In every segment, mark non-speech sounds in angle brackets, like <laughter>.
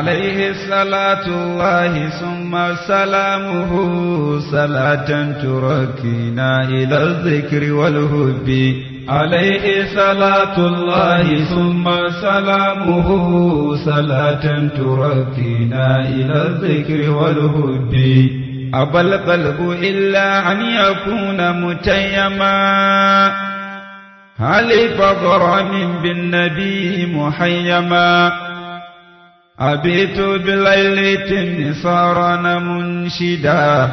عليه الصلاة الله ثم سلامه صلاة تركنا إلى الذكر والهب عليه صلاة الله ثم سلامه صلاة تركنا إلى الذكر والهب أبى القلب إلا أن يكون متيما هل فضر من بالنبي محيما أبيت بالليل نصارا منشدا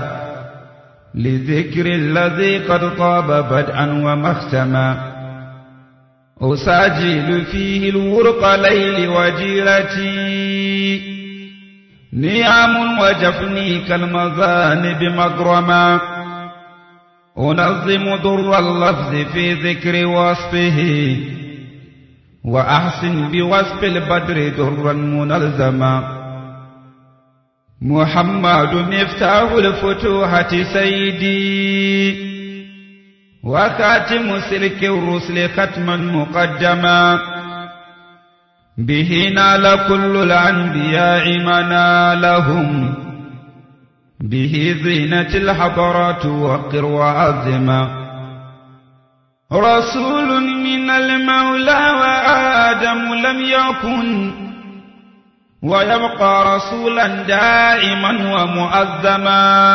لذكر الذي قد طاب بدءا ومختما أساجل فيه الورق ليل وجيرتي نعم وجفني كالمذانب مغرما أنظم در اللفظ في ذكر وصفه وأحسن بوصف البدر درا منظما محمد مفتاح الفتوحة سيدي وخاتم سلك الرسل ختما مقدما به نال كل الأنبياء منالهم به زينة الحضرات وقر وعظما رسول من المولى وآدم لم يكن ويبقى رسولا دائما ومؤذما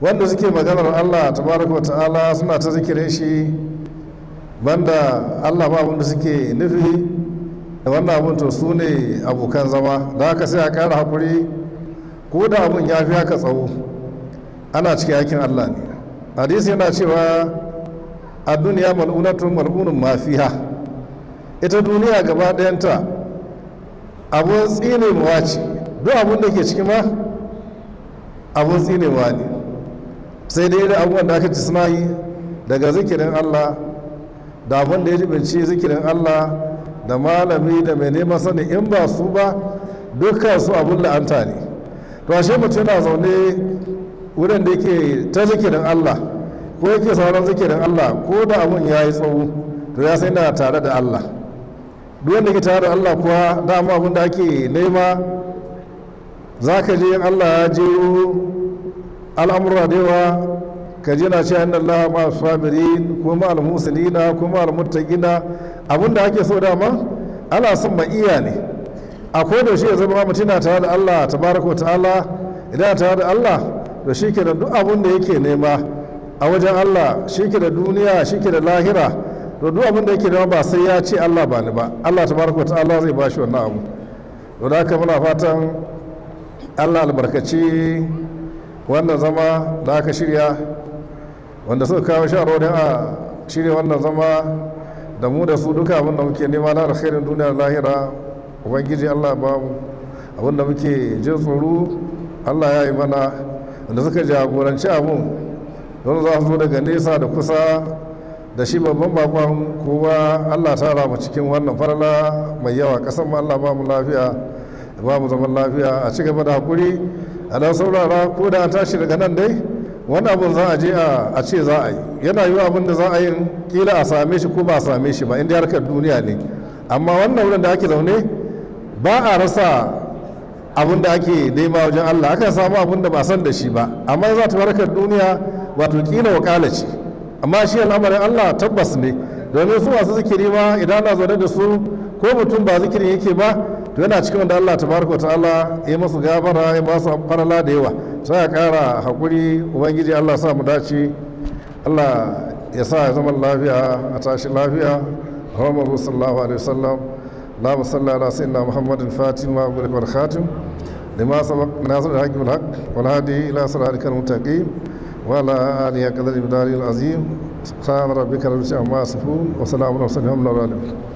wanda suke maganar Allah tabaraka wa ta'ala suna ta zikirin shi banda Allah ba abinda suke nufi da wannan abin to su ne abokan zama da haka sai a ƙara haƙuri ko da abin ya fi haka tsawo ana cikin aikin Allah ne hadisi yana cewa a duniya mal'unatun mal'unun mafiya ita duniya gaba ɗayanta abun tsinewa ce duk abun da ke ciki ma abun tsinewa ne sai dai da abubuwan da aka ci suna yi daga zikirin allah da abun da ya jibinci zikirin allah da malami da mai neman sani in ba su ba dukkan su abun la'anta ne to ashe mutum yana zaune wurin da yake ta zikirin allah ko yake sauran zikirin Allah ko da abun ya yi tsawo to ya sai na tare da Allah duk wanda ke tare da Allah kuwa dama abin da ake nema za ka je Allah ya je al'amura da yawa ka ji na ce an Allah ma sabirin kuma al-musulina kuma al-muttaqina abin da ake so dama ana son ma iya ne a koda shi ya zama mutum na tare da Allah tabaraka ta'ala idan tare da Allah da shi kenan duk abin da yake nema a wajen Allah shi ke da duniya shi ke da lahira to duk abin da yake da ba sai ya ce Allah ba ni ba Allah tabaraka ta'ala zai ba shi wannan abu to da haka muna fatan Allah albarkaci wannan zama da aka shirya wanda suka kawo shawarwarin a shirya wannan zama da mu da su duka abin da muke nema na alkhairin duniya da lahira ubangiji Allah ba mu abin da muke jin tsoro Allah ya yi mana wanda suka jagoranci abin don za su zo daga nesa da kusa da shi babban bakon kowa allah tara mu cikin wannan farla mai yawa kasan mu allah ba mu lafiya ba mu zaman lafiya a ci gaba da hakuri a dan saurara ko da an tashi daga nan dai wani abun za a je a ce za a yi yana yiwu abin da za a yi kila a same shi ko ba a same shi ba inda harkar duniya ne amma wannan wurin da ake zaune ba a rasa abin da ake nema wajen allah akan samu abin da ba san da shi ba amma za ta harkar duniya wato kila wakala ce amma shi al'amarin Allah tabbas ne domin su masu zikiri ma idan ana zaune da su ko mutum ba zikirin yake ba to yana cikin wanda Allah tabaraka ta'ala ya masu gabara ya ba su farala da yawa sai ya kara hakuri ubangiji Allah sa mu dace Allah ya sa ya zama lafiya a tashi lafiya Muhammadu sallallahu alaihi wasallam اللهم صل على سيدنا محمد الفاتن ما أغلق والخاتم لما سبق ناصر الحق والحق والهادي إلى صراطك المتقين وعلى آله قدر مداري العظيم سبحان ربك رب العزة عما يصفون وسلام على المرسلين والحمد لله رب العالمين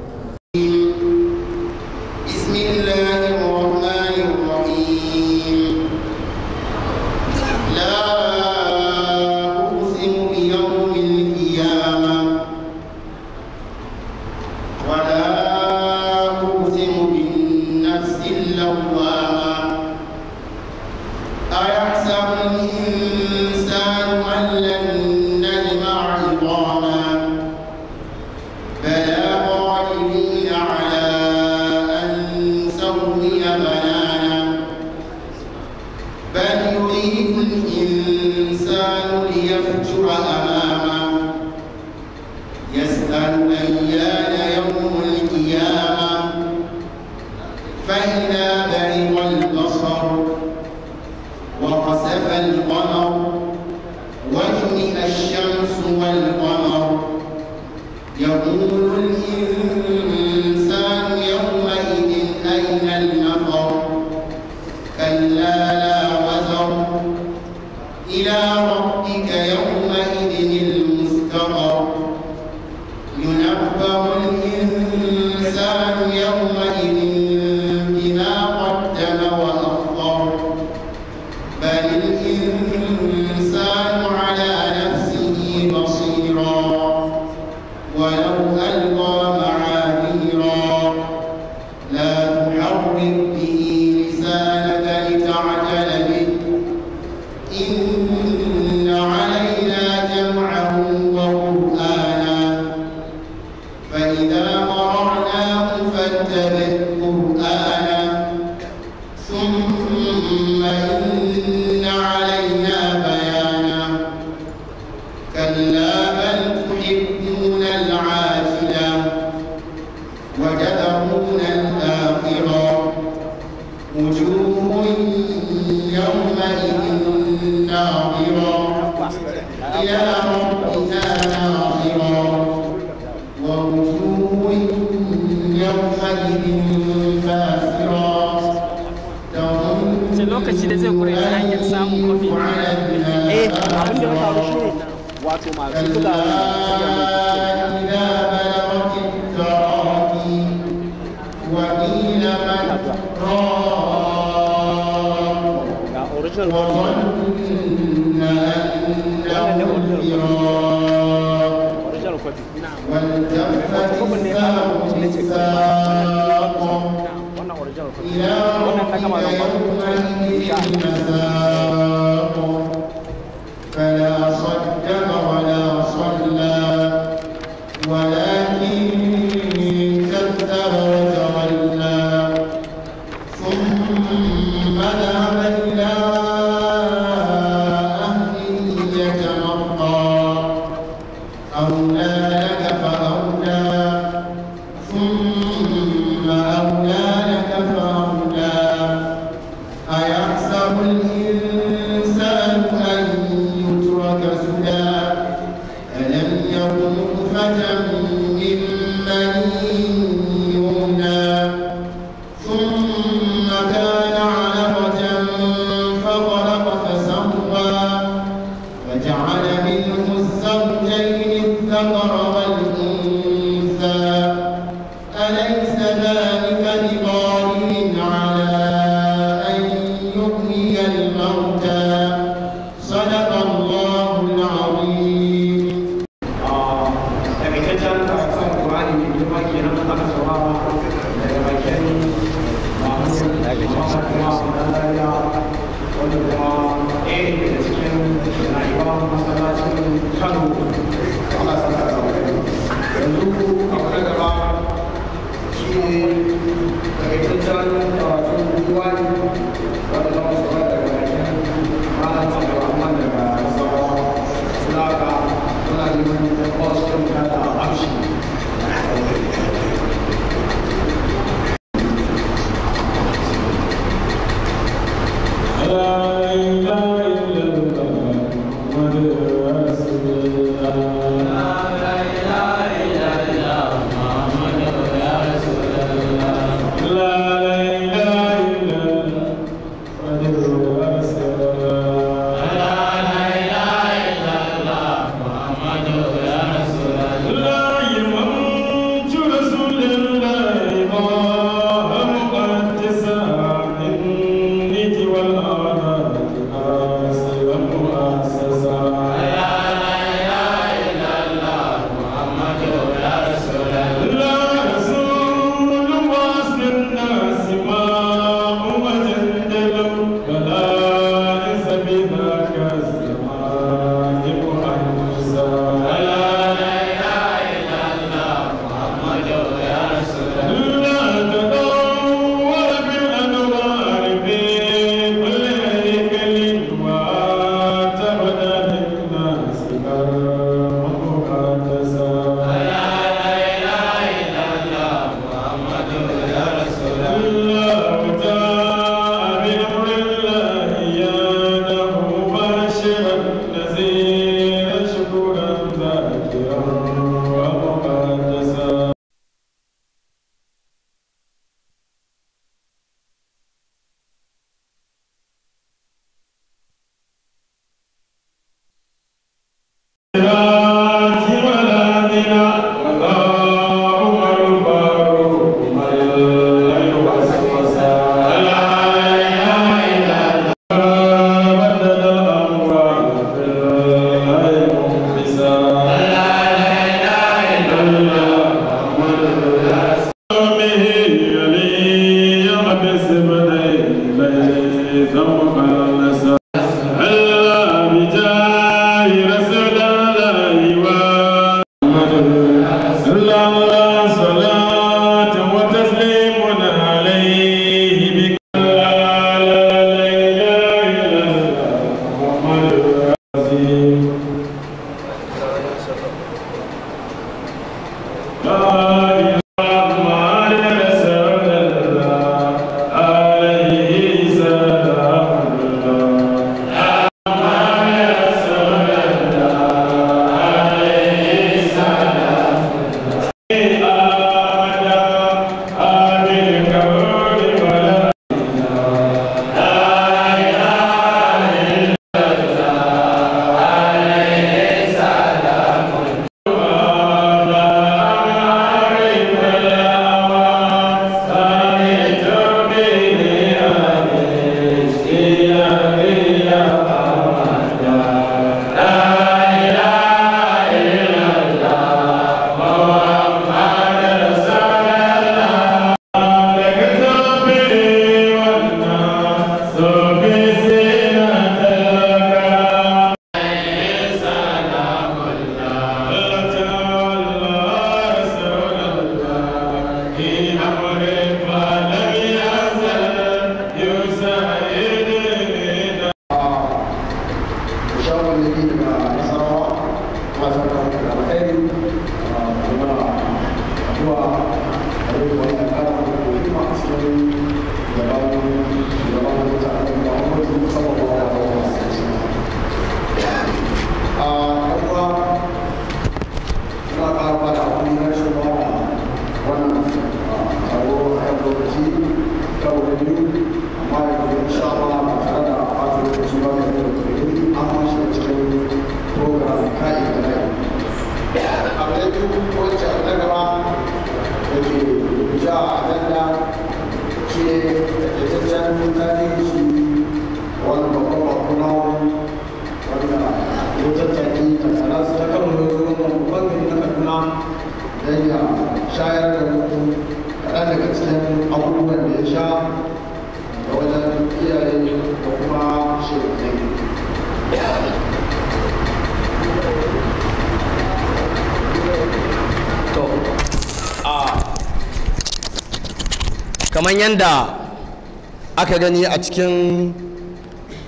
aka gani a cikin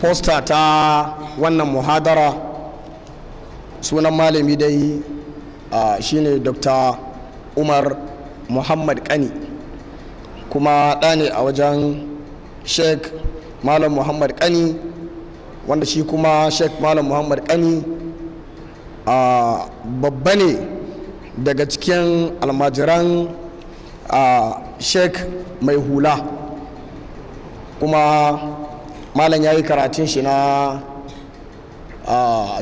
posta ta wannan muhadara sunan malami dai shine dr umar muhammad kani kuma ɗa a wajen sheikh malam muhammad kani wanda shi kuma sheikh malam muhammad kani babba ne daga cikin almajiran sheikh mai hula kuma malam ya yi karatun shi na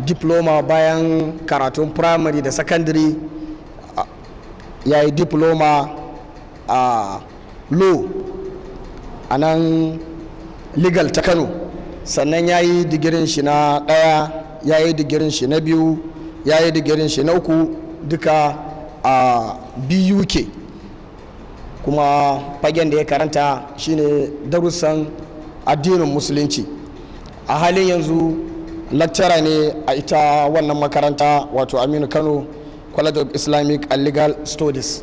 diploma bayan karatun primary da secondary ya yi diploma a law a nan legal ta kano sannan ya yi digirin shi na ɗaya ya yi digirin shi na biyu ya yi digirin shi na uku duka a buk kuma fagen da ya karanta shine darussan addinin musulunci a halin yanzu lecturer ne a ita wannan makaranta wato aminu kano college of islamic and legal studies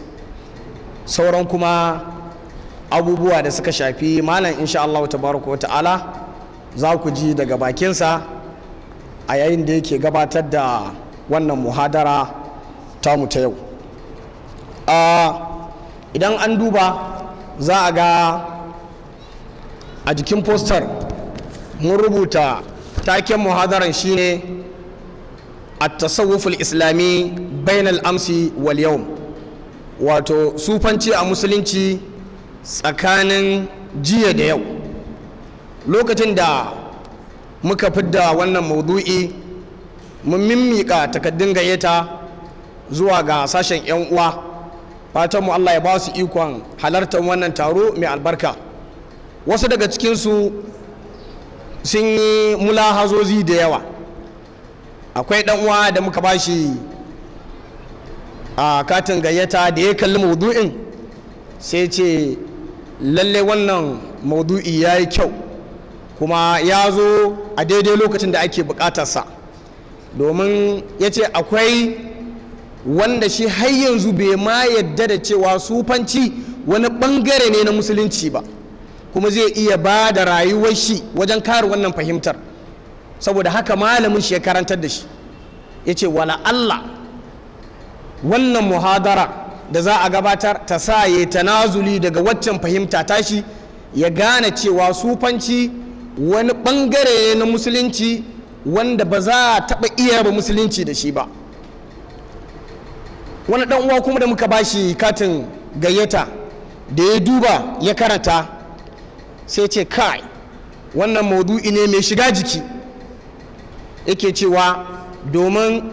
sauran kuma abubuwa da suka shafi malam insha allahu wa ta'ala za ku ji daga bakinsa a yayin da yake gabatar da wannan muhadara tamu ta yau idan an duba za a ga a jikin fostar mun rubuta taken muhadaran shine at-tasawwuful islami bainal amsi wal yawm wato sufanci a musulunci tsakanin jiya da yau lokacin da muka fidda wannan maudu'i mun mimmika takaddun gayyata zuwa ga sashen 'yan uwa fatan mu Allah ya ba su ikon halartar wannan taro mai albarka wasu daga cikinsu sun yi mulahazozi da yawa akwai dan uwa da muka ba shi a katin gayyata da ya kalli maudu'in sai ce lalle wannan maudu'i ya yi kyau kuma ya zo a daidai lokacin da ake bukatarsa domin ya ce akwai wanda shi har yanzu bai ma yadda da cewa sufanci wani bangare ne na musulunci ba kuma zai iya ba da rayuwar shi wajen kare wannan fahimtar saboda haka malamin shi ya karantar da shi ya ce wala Allah wannan muhadara da za a gabatar ta sa ya tanazuli daga waccan fahimta tashi ya gane cewa sufanci wani bangare ne na musulunci wanda ba za a taɓa iya ba musulunci da shi ba wani dan uwa kuma da muka bashi katin gayyata da ya duba ya karanta sai ce kai wannan maudu'i ne mai shiga jiki yake cewa domin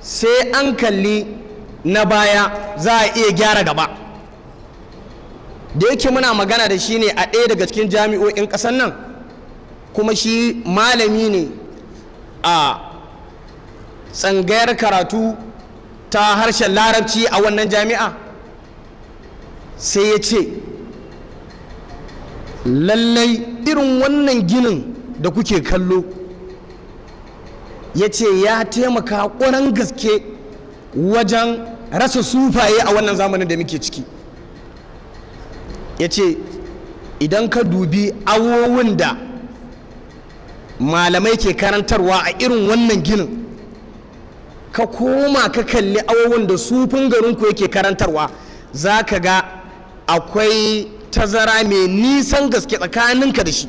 sai an kalli na baya za a iya gyara gaba da yake muna magana da shi ne a ɗaya daga cikin jami'o'in ƙasar nan kuma shi malami ne a tsangayar karatu ta harshen larabci a wannan jami'a sai ya ce lallai irin wannan ginin da kuke kallo ya ce ya taimaka ƙwaran gaske wajen rasa sufaye a wannan zamanin da muke ciki ya ce idan ka dubi awowin da malamai ke karantarwa a irin wannan ginin ka koma ka kalli awon da sufin garinku yake karantarwa za ka ga akwai tazara mai nisan gaske tsakaninka da shi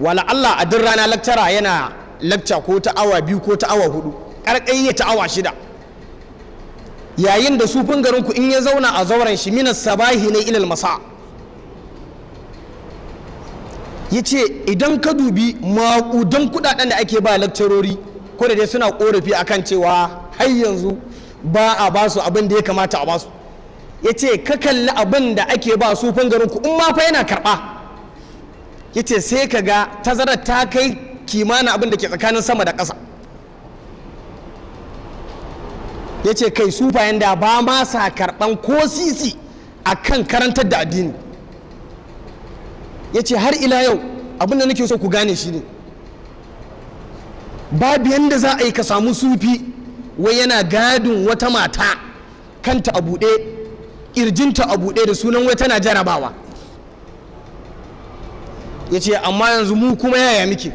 wala Allah a duk rana laktara yana lakta ko ta awa biyu ko ta awa hudu ƙarƙai ya ta awa shida yayin da sufin garinku in ya zauna a zauren shi minas sabahi na ilal masa ya ce idan ka dubi maƙudan kudaden da ake ba lakcarori ko da dai suna korafi akan cewa har yanzu ba a ba su abin da ya kamata a ba su ya ce ka kalli abin da ake ba su garin ku in ma fa yana karba ya ce sai ka ga tazarar ta kai kimanin abin da ke tsakanin sama da ƙasa ya ce kai su da ba ma sa karɓan ko sisi a kan karantar da addini ya ce har ila yau abin da nake so ku gane shi ne babu yadda za a yi ka samu sufi wai yana gadin wata mata kanta a buɗe ƙirjinta a buɗe da sunan wai tana jarabawa ya ce amma yanzu mu kuma yaya muke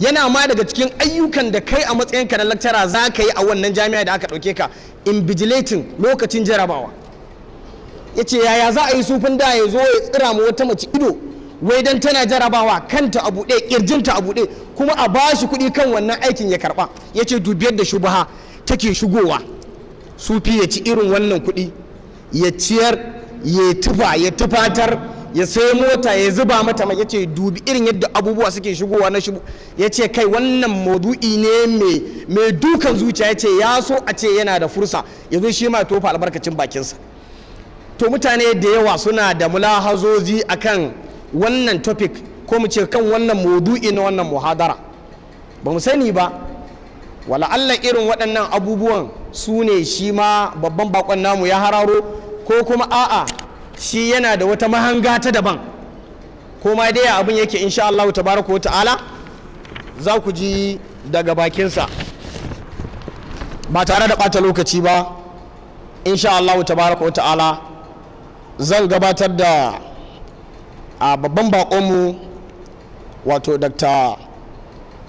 yana ma daga cikin ayyukan da kai a matsayinka na lakcara za ka yi a wannan jami'a da aka ɗauke ka invigilating lokacin jarabawa ya ce yaya za a yi sufin da ya zo ya tsira ma wata mace ido wai dan tana jarabawa kanta a buɗe ƙirjinta a buɗe kuma a ba shi kuɗi kan wannan aikin ya karɓa ya ce dubiyar da shubaha take shigowa sufi ya ci irin wannan kuɗi ya ciyar ya tufa ya tufatar ya sai mota ya zuba mata mai yace dubi irin yadda abubuwa suke shigowa na shigo ce kai wannan maudu'i ne mai dukan zuciya yace ya so a ce yana da fursa ya zo shi ma tofa albarkacin bakinsa to mutane da yawa suna da mulahazozi akan wannan topic ko mu ce kan wannan maudu'i na wannan muhadara ba mu sani ba wala Allah irin waɗannan abubuwan su ne shi ma babban bakon namu ya hararo ko kuma a'a shi yana da wata mahanga ta daban ko ma dai abin yake insha Allah tabaraka wa ta'ala za ku ji daga bakinsa ba tare da bata lokaci ba insha Allah tabaraka wa ta'ala zan gabatar da a babban bakonmu wato dr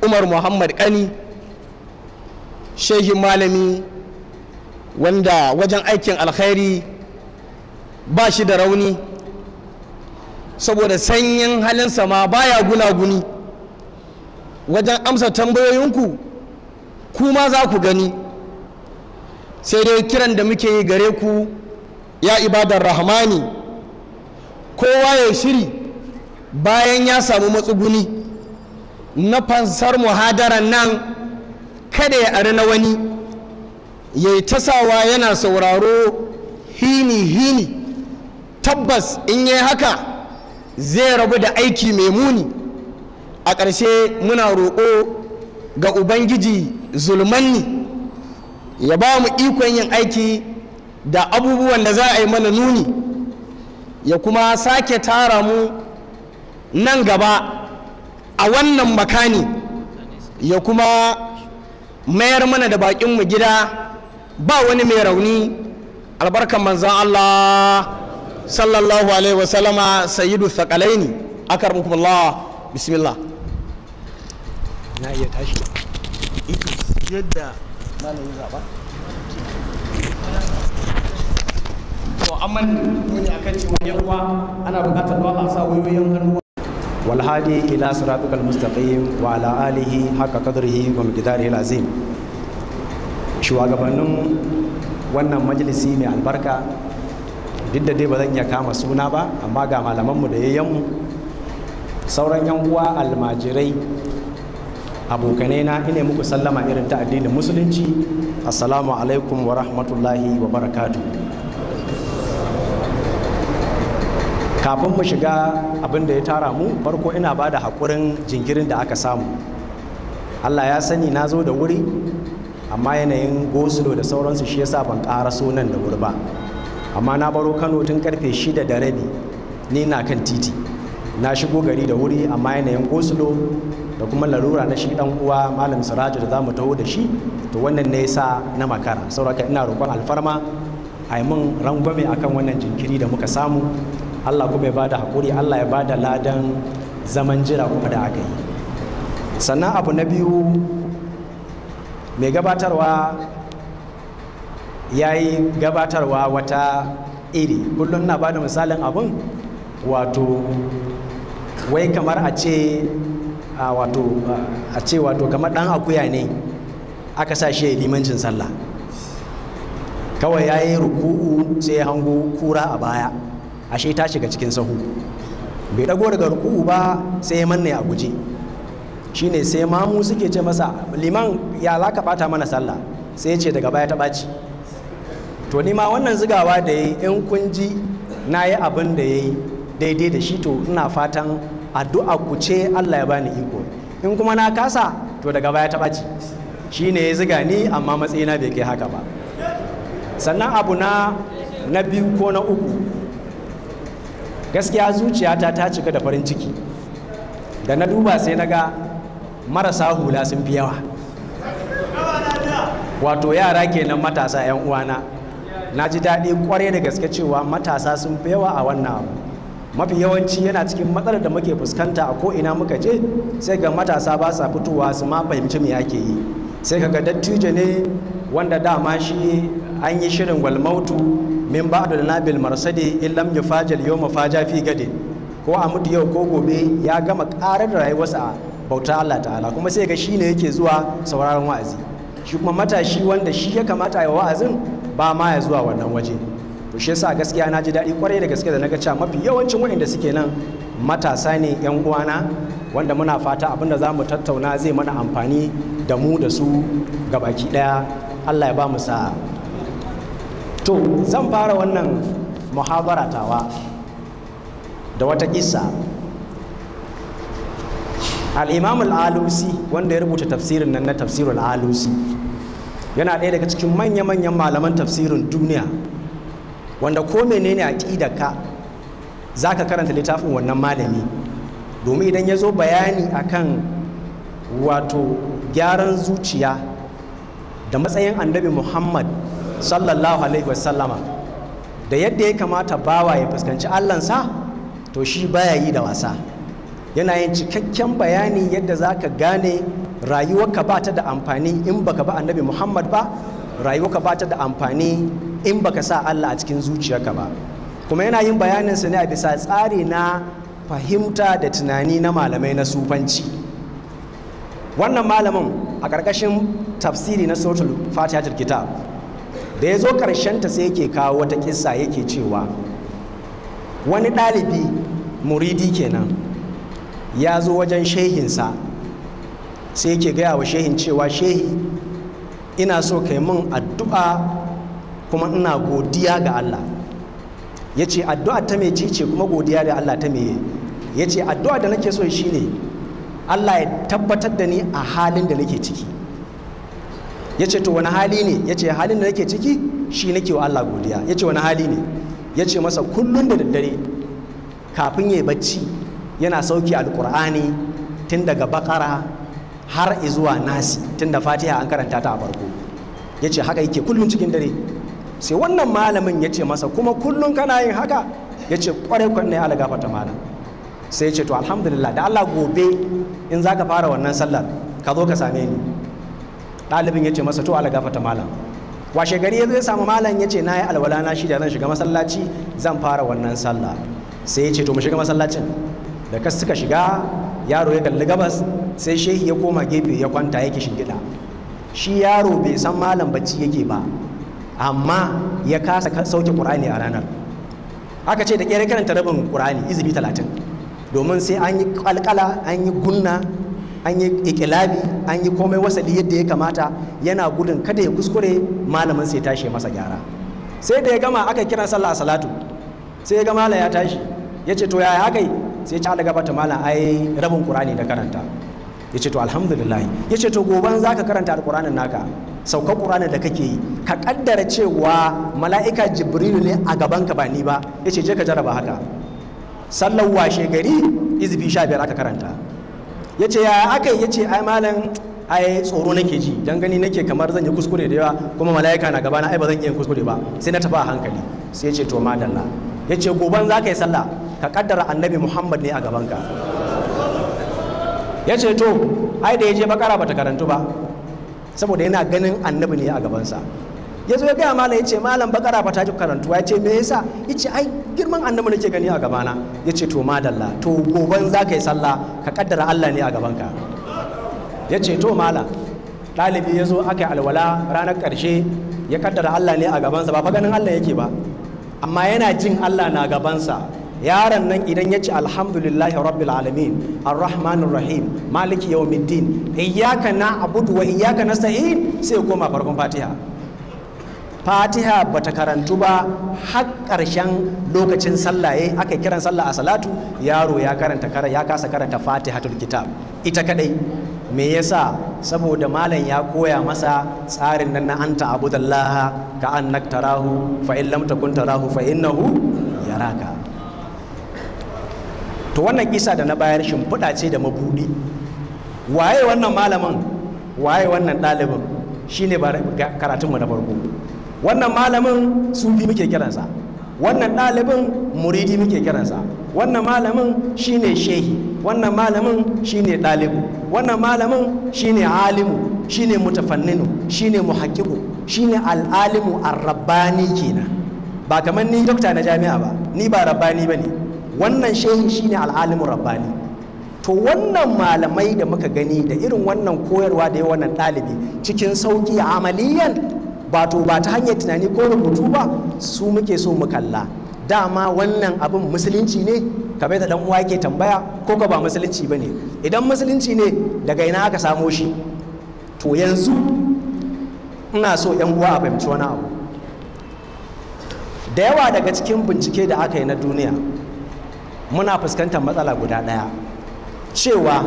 umar muhammad kani shehin malami wanda wajen aikin alkhairi ba shi da rauni saboda sanyin halinsa ma baya gunaguni wajen amsa tambayoyinku kuma za ku gani sai dai kiran da muke yi gare ku ya ibadar rahmani kowa ya shiri bayan ya samu matsuguni na fansar muhadaran nan kada ya ari na wani ya yi tasawa yana sauraro hini-hini tabbas in yi haka zai rabu da aiki mai muni a ƙarshe muna roƙo ga ubangiji zulmanni ya ba mu ikon yin aiki da abubuwan da za a yi mana nuni ya kuma sake tara mu nan gaba a wannan makani ya kuma mayar mana da bakinmu gida ba wani mai rauni albarkan manzan Allah sallallahu alaihi wasallama sayyidu thaqalaini akar mukum Allah bismillah na iya tashi ita yadda mana yi zaba to amma ne akan cewa yawa ana bukatar Allah sa wayoyin hannu والهادي إلى صراطك المستقيم haka آله حق قدره ومقداره العظيم shugabannin wannan majalisi mai albarka duk ba zan iya kama suna ba amma ga malamanmu da yi yayyanmu sauran yan uwa almajirai abokanai na ina muku sallama irin ta addinin musulunci assalamu alaikum wa rahmatullahi wa barakatu. kafin mu shiga abin da ya tara mu farko ina ba da haƙurin jingirin da aka samu allah ya sani na zo da wuri amma yanayin gosulo da sauransu shi yasa ban ƙara sunan da wuri ba amma na baro kano tun karfe shida da rabi ni na kan titi na shigo gari da wuri amma yanayin gosulo da kuma larura na shi dan uwa malam siraju da za mu taho da shi to wannan ne yasa na makara sauraka ina roƙon alfarma a yi min rangwame akan wannan jinkiri da muka samu Allah kuma ya bada hakuri Allah ya bada ladan zaman jira kuma da aka yi sannan abu na biyu mai gabatarwa ya yi gabatarwa wata iri kullum na bada misalin abin wato wai kamar a ce wato a ce wato kamar dan akuya ne aka sa shi limancin sallah kawai ya yi ruku'u sai ya hango kura a baya ashe ta shiga cikin sahu bai dago daga ruku'u ba sai manne a guje shine sai mamu suke ce masa liman ya laka bata mana sallah sai ce daga baya ta baci to ni ma wannan zigawa da ya yi in kun ji na yi abin da ya yi daidai da shi to ina fatan addu'a ku ce allah ya bani iko in kuma na kasa to daga baya ta baci shi ne ya ziga ni amma matsayina bai kai haka ba sannan abu na na biyu ko na uku gaskiya zuciyata ta cika da farin ciki da na duba sai na ga marasa hula sun fi yawa wato yara kenan matasa 'yan uwana na ji daɗi kwarai da gaske cewa matasa sun fi yawa a wannan abu mafi yawanci yana cikin matsalar da muke fuskanta a ko'ina muka je sai ga matasa ba sa fitowa su ma fahimci me ake yi sai ga dattijo ne wanda dama shi an yi shirin walmautu min ba da nabil marsadi illam fajal yau mafaja fi gade ko a mutu yau ko gobe ya gama karar rayuwarsa a bauta Allah ta'ala kuma sai ga shi ne yake zuwa sauraron wa'azi shi kuma matashi wanda shi ya kamata ya wa'azin ba ma ya zuwa wannan waje to shi yasa gaskiya na ji daɗi kwarai da gaske da na ga cewa mafi yawancin waɗanda suke nan matasa ne yan uwana wanda muna fata abinda za mu tattauna zai mana amfani da mu da su gabaki ɗaya Allah ya ba mu sa'a to zan fara wannan muhabaratawa da wata kisa al-imam alusi wanda ya rubuta tafsirin nan na tafsirul alusi yana ɗaya daga cikin manya-manyan malaman tafsirin duniya wanda ko menene aƙida ka za ka karanta littafin wannan malami domin idan ya zo bayani akan wato gyaran zuciya da matsayin annabi muhammad sallallahu alaihi wasallama da yadda ya kamata bawa ya fuskanci allansa to shi baya yi da wasa yana yin cikakken bayani yadda za ka gane rayuwarka ba ta da amfani in baka ba annabi muhammad ba rayuwarka ba ta da amfani in baka sa allah a cikin zuciyarka ba kuma yana yin bayanin bayaninsa ne a bisa tsari na fahimta da tunani na malamai na sufanci wannan malamin a ƙarƙashin tafsiri na sautul fatihatul kitab da ya zo karshen ta sai yake kawo wata kisa yake cewa wani ɗalibi muridi kenan ya zo wajen shehinsa sai yake gaya wa shehin cewa shehi ina so ka yi min addu'a kuma ina godiya ga Allah ya ce addu'a ta mai ce kuma godiya da Allah ta mai ya ce addu'a da nake so shine Allah ya tabbatar da ni a halin da nake ciki ya ce to wani hali ne ya ce halin da nake ciki shi nake wa Allah godiya ya ce wani hali ne ya ce masa kullum da daddare kafin ya yi bacci yana sauki alkur'ani tun daga bakara har zuwa nasi tun da fatiha an karanta ta a farko ya ce haka yake kullum cikin dare sai wannan malamin ya ce masa kuma kullum kana yin haka ya ce kwarai kwanne ala gafarta malam sai ya ce to alhamdulillah da Allah gobe in za ka fara wannan sallar ka zo ka same ni ɗalibin ya ce masa to ala gafata malam washe gari ya zo ya samu malam ya ce na yi alwala na shida zan shiga masallaci zan fara wannan sallah sai ya ce to mu shiga masallacin da ka suka shiga yaro ya kalli gabas sai shehi ya koma gefe ya kwanta yake shingida shi yaro bai san malam bacci yake ba amma ya kasa sauke qur'ani a ranar aka ce da kere karanta rabin qur'ani izibi talatin domin sai an yi kalkala an yi gunna an yi ikilabi an yi komai wasali yadda ya kamata yana gudun kada ya kuskure malamin sai tashi masa gyara sai da ya gama aka kiran sallah salatu sai ya gama ya tashi ya ce to yaya haka sai ya daga bata malam ai rabin qur'ani da karanta ya ce to alhamdulillah ya ce to goban za ka karanta alqur'anin naka saukar qur'anin da kake yi ka kaddara cewa mala'ika jibrilu ne a gaban ka ba ni ba ya ce je ka jaraba haka sallar washe gari sha biyar aka karanta ya ce ya aka ya ce ai malam ai tsoro nake ji dan gani nake kamar zan yi kuskure da yawa kuma mala'ika na gaba na ai ba zan iya kuskure ba sai na tafi hankali sai ya ce to madalla ya ce goban za ka yi sallah ka kaddara annabi muhammad ne a gabanka ya ce to ai da ya je bakara ba ta karantu ba saboda yana ganin annabi ne a gabansa ya zo ya gaya malam ya ce malam bakara ba ta ji karantuwa ya ce me yasa ya ce ai girman annabi nake gani a gabana ya ce to madalla to goban za ka yi sallah ka kaddara allah ne a gabanka ya ce to malam ɗalibi ya zo aka yi alwala ranar karshe ya kaddara allah ne a gabansa ba fa ganin allah yake ba amma yana jin allah na gabansa yaron nan idan ya ce alhamdulillahi rabbil alamin arrahmanir rahim maliki yawmiddin iyyaka na abudu wa iyyaka nasta'in sai ya koma farkon fatiha fatiha ba ta karantu ba har karshen lokacin sallah ya eh, aka kiran sallah a salatu yaro ya karanta ya kasa karanta Fatiha kitab ita kadai me yasa saboda malam ya koya masa tsarin nan na anta abudallah ka annak tarahu fa in lam takun tarahu fa innahu yaraka to wannan kisa da na bayar shimfiɗa ce da mabudi waye wannan malamin waye wannan ɗalibin shine karatunmu na farko wannan malamin sufi muke kiransa wannan ɗalibin muridi muke kiransa wannan malamin shine shehi wannan malamin shine ɗalibu wannan malamin shine alimu shine mutafanninu shine muhakkiku shine al'alimu arrabbani kenan ba kamar ni dokta na jami'a ba ni ba rabbani ba ne wannan shehi shine al'alimu rabbani to wannan malamai da muka gani da irin wannan koyarwa da yawan wannan ɗalibi cikin sauƙi amaliyan ba to ba ta hanyar tunani ko rubutu ba su muke so mu kalla dama wannan abin musulunci ne kamar da dan uwa yake tambaya ko ka ba musulunci ba idan musulunci ne daga ina aka samo shi to yanzu ina so yan uwa a fahimci wani abu da yawa daga cikin bincike da aka yi na duniya muna fuskantar matsala guda ɗaya cewa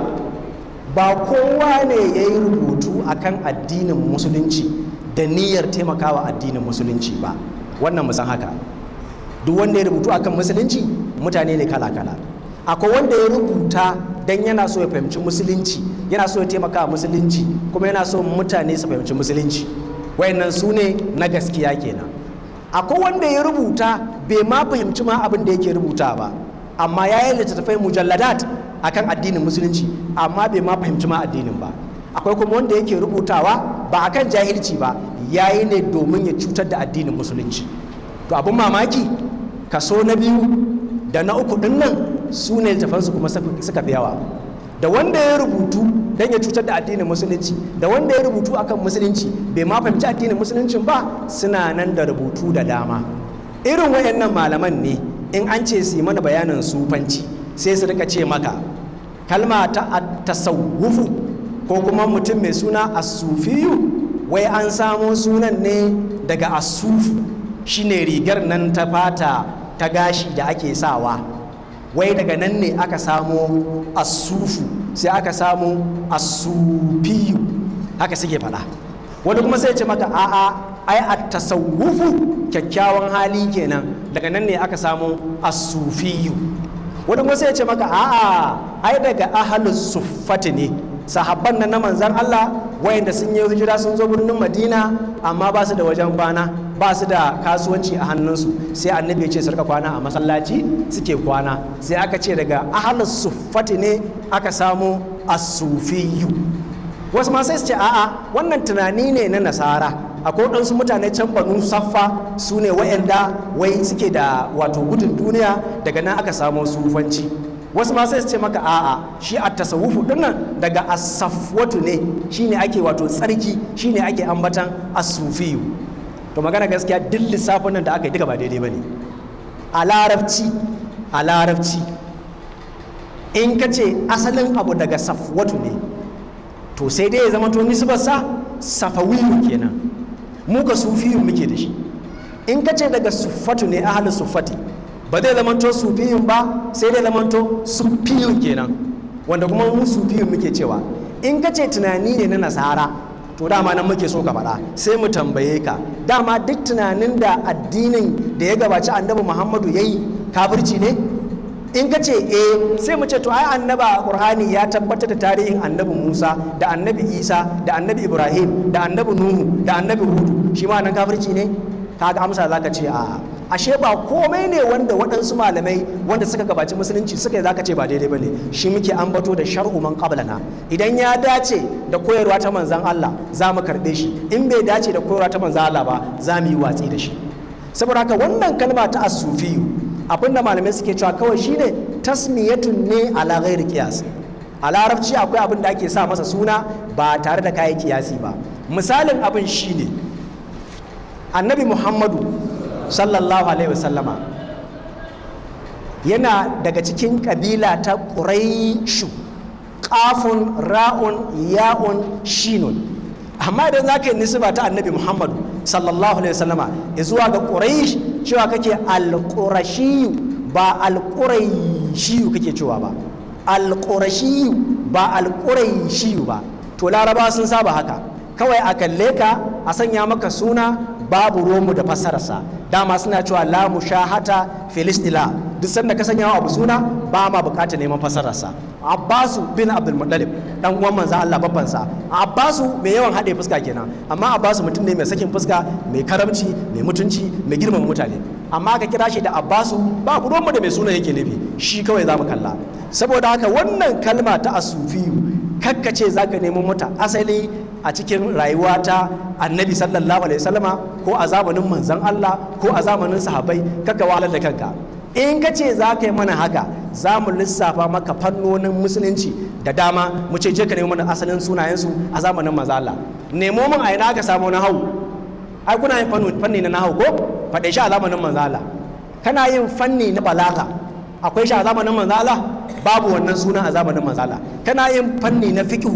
ba kowa ne ya yi rubutu akan addinin musulunci da niyyar taimakawa addinin musulunci ba wannan musan haka duk wanda ya rubutu akan musulunci mutane ne kala-kala akwai wanda ya rubuta dan yana so ya fahimci musulunci yana so ya taimaka musulunci kuma yana so mutane su fahimci musulunci wayannan su ne na gaskiya kenan akwai wanda ya rubuta bai ma fahimci ma abin da yake rubuta ba amma ya yi littattafai mujalladat akan addinin musulunci amma bai ma fahimci ma addinin ba akwai kuma wanda yake rubutawa ba a kan jahilci ba ya yi ne domin ya cutar da addinin musulunci to abin mamaki kaso na biyu da na uku din nan su ne littafansu kuma suka fi yawa da wanda ya rubutu don ya cutar da addinin musulunci da wanda ya rubutu akan musulunci bai ma fahimci addinin musulunci ba suna nan da rubutu da dama irin wayannan malaman ne in an ce su yi mana bayanin sufanci sai su rika ce maka kalma ta tasawufu ko kuma mutum mai suna asufiyu wai an samo sunan ne daga asufu shine rigar nan ta fata ta gashi da ake sawa wai daga nan ne aka samo asufu sai aka samo asufiyu haka suke faɗa wani kuma sai ce maka a'a ai a tasawufu kyakkyawan hali kenan daga nan ne aka samo asufiyu wani kuma sai ce maka a'a ai daga ahalus sufati ne sahabban nan na manzan Allah wayanda sun yi hijira sun zo birnin Madina amma ba su da wajen kwana ba su da kasuwanci a hannunsu sai annabi ya ce su kwana a masallaci suke kwana sai aka ce daga ahlus sufati ne aka samu as-sufiyyu wasu ma sai su ce a'a wannan tunani ne na nasara akwai waɗansu mutane can banu saffa su ne wayanda wai suke da wato gudun duniya daga nan aka samo sufanci wasu masu ce maka a'a shi a tasawufu dinnan daga asafwatu ne shine ake wato tsarki shine ake ambatan asufiyu to magana gaskiya duk lissafin nan da aka yi duka ba daidai ba ne a larabci a larabci in ka ce asalin abu daga safwatu ne to sai dai ya zama to nisbarsa safawiyu kenan mu ga sufiyu muke da shi in ka ce daga sufatu ne ahalin sufati ba zai zamanto sufiyun ba sai dai zamanto sufiyun kenan wanda kuma mu muke cewa in ka ce tunani ne na nasara to dama nan muke so ka faɗa sai mu tambaye ka dama duk tunanin da addinin da ya gabaci annabi muhammadu ya yi kafirci ne in ka ce eh sai mu ce to ai annaba qur'ani ya tabbatar da tarihin annabi musa da annabi isa da annabi ibrahim da annabi nuhu da annabi hudu shi ma nan kafirci ne kaga amsa zaka ce a'a ashe ba komai ne wanda waɗansu malamai wanda suka gabaci musulunci suka yi zaka ce ba daidai ba ne shi muke ambato da shar'u man qablana idan ya dace da koyarwa ta manzan Allah za mu karɓe shi in bai dace da koyarwa ta manzan Allah ba za mu yi watsi da shi saboda haka wannan kalma ta asufiyu abinda malamai suke cewa kawai shine tasmiyatun ne ala ghairi qiyas a larabci akwai abin da ake sa masa suna ba tare da kayan kiyasi ba misalin abin shine annabi muhammadu sallallahu alaihi wasallama yana daga cikin kabila ta ƙuraishu ƙafun ra'un ya'un shinun amma idan za ka yi nisba ta annabi muhammadu sallallahu alaihi wasallama zuwa ga ƙuraish cewa kake alƙurashiyu ba alƙuraishiyu kake cewa ba alƙurashiyu ba alƙuraishiyu ba to laraba sun saba haka kawai a kalle ka a sanya maka suna babu romu da fassararsa dama suna cewa la mushahata filistila duk sanda ka sanya abu suna ba ma bukatar neman fassararsa abbasu bin abdul muttalib dan uwan manzo Allah babban sa abbasu mai yawan hade fuska kenan amma abbasu mutum ne mai sakin fuska mai karamci mai mutunci mai girmama mutane amma ka kira shi da abbasu ba ku mu da mai suna yake nufi shi kawai zamu kalla saboda haka wannan kalma ta asufiyu kakkace zaka nemo mota asali a cikin rayuwata annabi sallallahu alaihi wasallama ko a zamanin manzon Allah ko a zamanin sahabbai kaka walar da kanka in ka ce za ka yi mana haka za mu lissafa maka fannonin musulunci da dama mu ce je ka nemo mana asalin sunayensu a zamanin manzon Allah nemo mun a ina ka samu na hau? ai kuna yin fanni na hau ko faɗe shi a zamanin manzon Allah kana yin fanni na balaga akwai shi a zamanin manzon Allah babu wannan suna a zamanin manzon Allah kana yin fanni na fiqh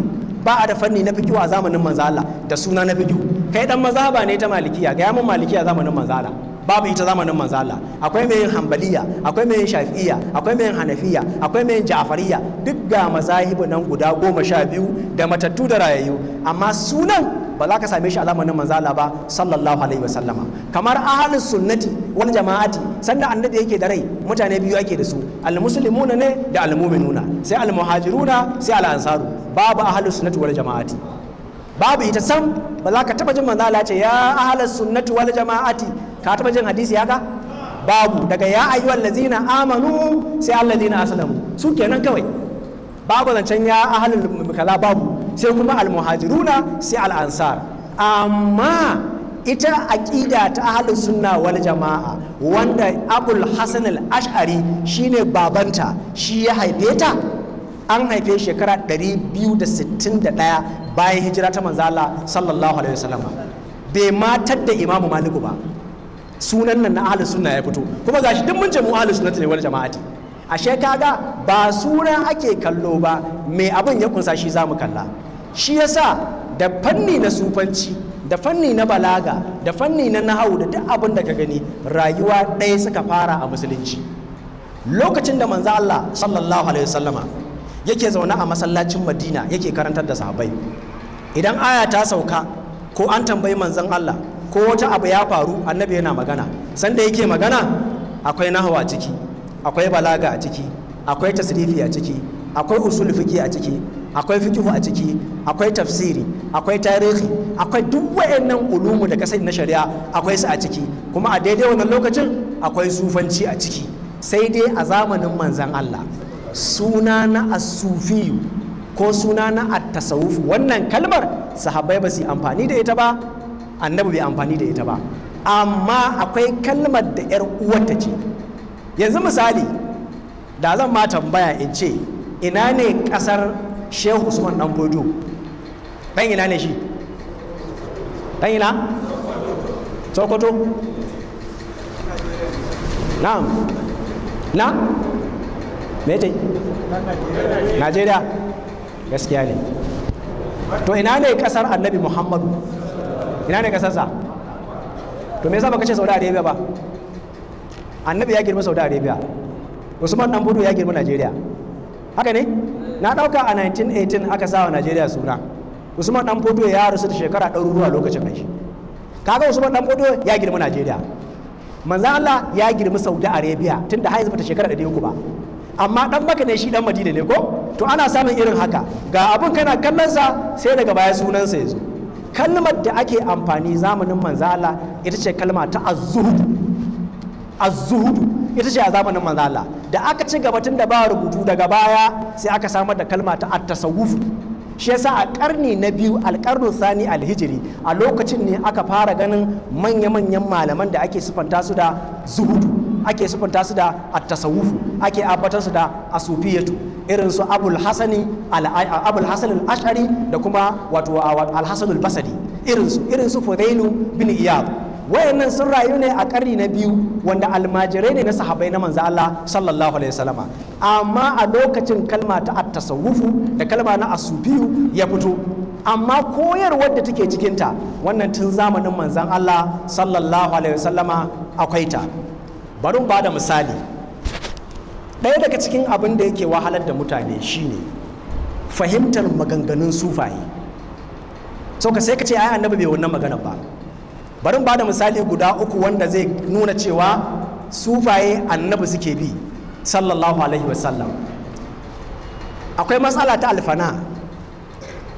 ba a da fanni na fikihu a zamanin Manzala da suna na fikihu kai dan mazhaba ne ta malikiya ga mun malikiya zamanin manzo babu ita zamanin Manzala akwai mai yin hanbaliya akwai mai yin shafi'iya akwai mai yin hanafiya akwai mai yin ja'fariyya duk ga mazahibu nan guda goma sha biyu da matattu da rayayyu amma sunan ba za ka same shi a zamanin manzala ba sallallahu alaihi wa sallama kamar ahlus sunnati wal jama'ati sanda annabi yake da rai mutane biyu ake da su al muslimuna ne da al mu'minuna sai al muhajiruna sai al ansaru babu ahlus sunnati wal jama'ati babu ita sam ba za ka taba jin manzala ce ya ahlus sunnati wal jama'ati ka taba jin hadisi haka babu daga ya ayyuhal ladzina amanu sai alladzina aslamu su kenan kawai babu zancen ya ahlul kaza babu sai kuma almuhajiruna sai al'ansar amma ita aƙida ta ahalin sunna wani jama'a wanda abul hasan al-ash'ari shine babanta shi ya haife ta an haife shekara 261 bayan hijira ta manzala sallallahu alaihi wasallam bai matar da imamu maliku ba sunan nan na ahalin sunna ya fito kuma gashi duk mun ce mu ahalin sunna ne wal ce. A kaga ba sunan ake kallo ba mai abin ya kunsa shi mu kalla shi yasa da fanni na sufanci da fanni na balaga da fanni na nahau da duk abin da ka gani rayuwa ɗaya suka fara a musulunci lokacin da manzo Allah sallallahu alaihi wasallama yake zaune a masallacin Madina yake karantar da sahabbai idan aya ta sauka ko an tambayi manzan Allah ko wata abu ya faru annabi yana magana sanda yake magana akwai nahawa ciki akwai balaga a ciki akwai tasrifi a ciki akwai usul fiki a ciki akwai fikihu a ciki akwai tafsiri akwai tarihi akwai duk wayannan ulumu da kasai na shari'a akwai su a ciki kuma a daidai wannan lokacin akwai sufanci a ciki sai dai a zamanin manzan Allah suna na asufiyu ko suna na at wannan kalmar sahabbai ba su amfani da ita ba annabi bai amfani da ita ba amma akwai kalmar da 'yar uwarta ce yanzu misali da zan ma tambaya in ce ina ne kasar shehu usman dan bodo dan ina ne shi dan ina sokoto na'am na me ce najeriya gaskiya ne to ina ne kasar annabi muhammadu ina ne kasarsa to me yasa baka ce saudi arabia ba annabi ya girma saudi arabia usman dan bodo ya girma najeriya haka ne na ɗauka a 1918 aka sa wa najeriya suna usman dan fodo ya rasu da shekara ɗaruruwa lokacin kai kaga usman dan fodo ya girma najeriya manzo allah ya girma saudi arabia tunda haizu bata shekara ɗari uku ba amma dan maka ne shi dan madina ne ko to ana samun irin haka ga abun kana kallon sa sai daga baya sunansa ya zo kalmar da ake amfani zamanin manzo allah ita ce kalma ta azzuhud ita ce a zamanin manzo Allah da aka ci gaba tun da ba rubutu daga baya sai aka samar da kalma ta at-tasawuf shi yasa a karni na biyu alƙarnu sani alhijiri a lokacin ne aka fara ganin manya-manyan malaman da ake sufanta su da zuhudu ake sufanta su da at-tasawuf ake ambatar su da asufiyatu irin su abul hasani abul ashari da kuma wato al-hasan al-basri irin su irin bin iyad wayannan sun rayu ne a ƙarni na biyu wanda almajirai ne na sahabai na manzo Allah sallallahu alaihi wasallama amma a lokacin kalma ta at-tasawufu da kalma na asufiyu ya fito amma koyarwar da take cikinta wannan tun zamanin manzan Allah sallallahu alaihi wasallama akwai ta bari ba da misali ɗaya daga cikin abin da yake wahalar da mutane shine fahimtar maganganun sufaye sau ka sai ka ce ai annabi bai wannan magana ba bari ba da misali guda uku wanda zai nuna cewa sufaye annabi suke bi sallallahu alaihi wasallam akwai matsala ta alfana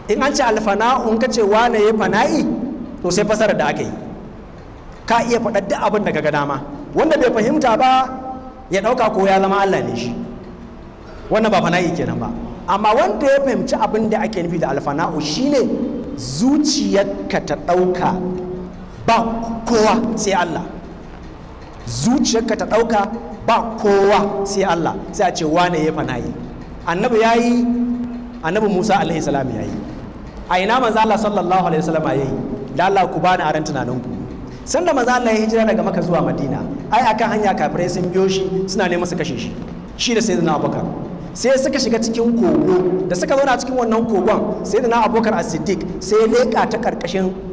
in an ce alfana in ka ce wane ya fana'i to sai fasarar da aka yi ka iya faɗa duk abin da ga dama wanda bai fahimta ba ya ɗauka ko ya zama allah ne shi wannan ba fana'i kenan ba amma wanda ya fahimci abin da ake nufi da alfana'u shine zuciyarka ta ɗauka ba kowa sai Allah zuciyarka ta ɗauka ba kowa sai Allah sai a ce wane ya fana yi annabi ya yi annabi musa alaihi salam ya yi a ina manzo Allah sallallahu alaihi wasallam ya yi da Allah ku bani aran tunaninku sanda manzo Allah ya hijira daga maka zuwa madina ai akan hanya kafirai sun biyo shi suna neman su kashe shi shi da sayyidina abubakar sai suka shiga cikin kogo da suka zauna cikin wannan kogon sayyidina abubakar as-siddiq sai leƙa ta karkashin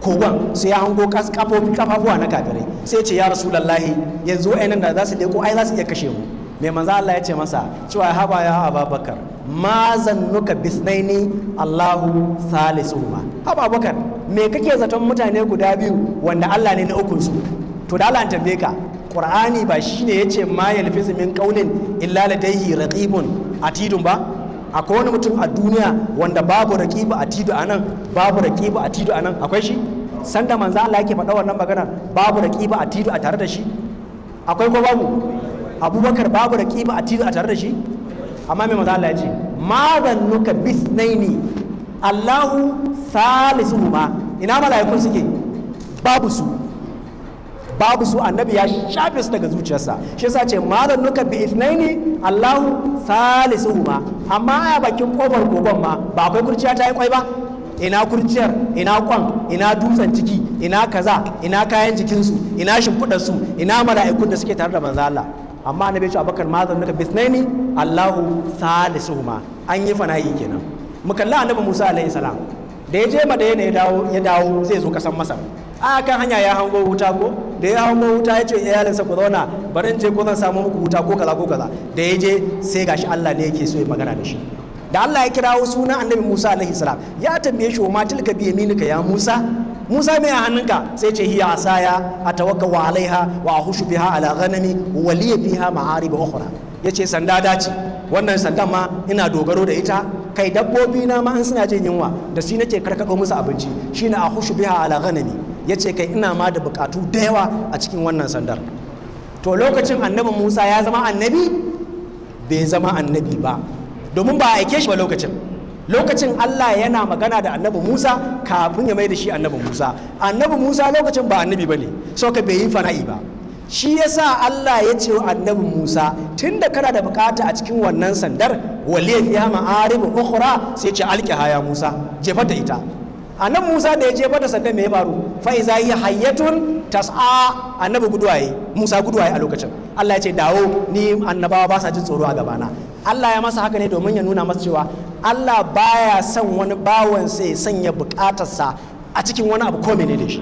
kogon sai ya hango kafofi kafafuwa na kafirai sai ce ya rasu lallahi yanzu wa'annan da za su leko ai za su iya kashe mu mai manzo Allah ya ce masa cewa ya haba ya Abubakar ma zannuka bisnaini Allahu salisuhuma Abubakar me kake zaton mutane guda biyu wanda Allah ne na ukun su to da Allah tambaye ka Qur'ani ba shine yace ma yalfizu min qawlin illa ladayhi raqibun atidun ba akwai wani mutum a duniya wanda babu tido a anan babu tido a anan akwai shi sanda manzo Allah yake faɗa wannan magana babu da atidu a tare da shi akwai ko babu abubakar babu da atidu a tare da shi amma mai manzo Allah ya ce ma zannuka bisnaini Allahu salisuhuma ina mala'ikun suke babu su babu su annabi ya shafe su daga zuciyarsa shi yasa ce mazan nuka bi ithnaini Allahu ma. amma a bakin kofar kogon ma ba akwai kurciya ta yi kwai ba ina kurciyar ina kwan ina dutsen ciki ina kaza ina kayan jikinsu ina shimfiɗar su ina mala'ikun da suke tare da manzo Allah amma annabi ya ce abakar mazan nuka bi ithnaini Allahu ma. an yi fana'i kenan mu kalli annabi Musa alaihi salam da ya je madaina ya dawo ya dawo zai zo kasan Masar a kan hanya ya hango wuta ko da ya hango wuta ya ce iyalinsa ku zauna barin je ko zan samu muku wuta ko kaza ko kaza da ya je sai gashi Allah ne yake so ya magana da shi da Allah ya kirawo sunan annabi Musa alaihi salam ya tambaye shi ma tilka bi yaminika ya Musa Musa mai a hannunka sai ce hiya asaya wa alaiha wa ahushu biha ala ghanami wa li biha ma'arib ukhra yace sanda dace wannan sandan ma ina dogaro da ita kai dabbobi na ma an suna jin yunwa da shi nake karkado musu abinci shine ahushu biha ala ghanami ya ce kai ina ma da bukatu da yawa a cikin wannan sandar to lokacin annabi musa ya zama annabi bai zama annabi ba domin ba a aike shi ba lokacin lokacin allah yana magana da annabi musa kafin ya mai da shi annabi musa annabi musa lokacin ba annabi ba ne sauka bai yi fana'i ba shi ya sa allah ya ce wa annabi musa tun da kana da bukata a cikin wannan sandar wale ya ma'arib ukhra sai ce alƙiha haya musa jefa ta ita annabi musa da ya je bata sanda me ya faru fa iza yi hayyatun tas'a annabi guduwaye musa guduwaye a lokacin Allah ya ce dawo ni annabawa ba sa jin tsoro a gabana Allah ya masa haka ne domin ya nuna masa cewa Allah baya son wani bawan ya sanya bukatarsa a cikin wani abu ko menene shi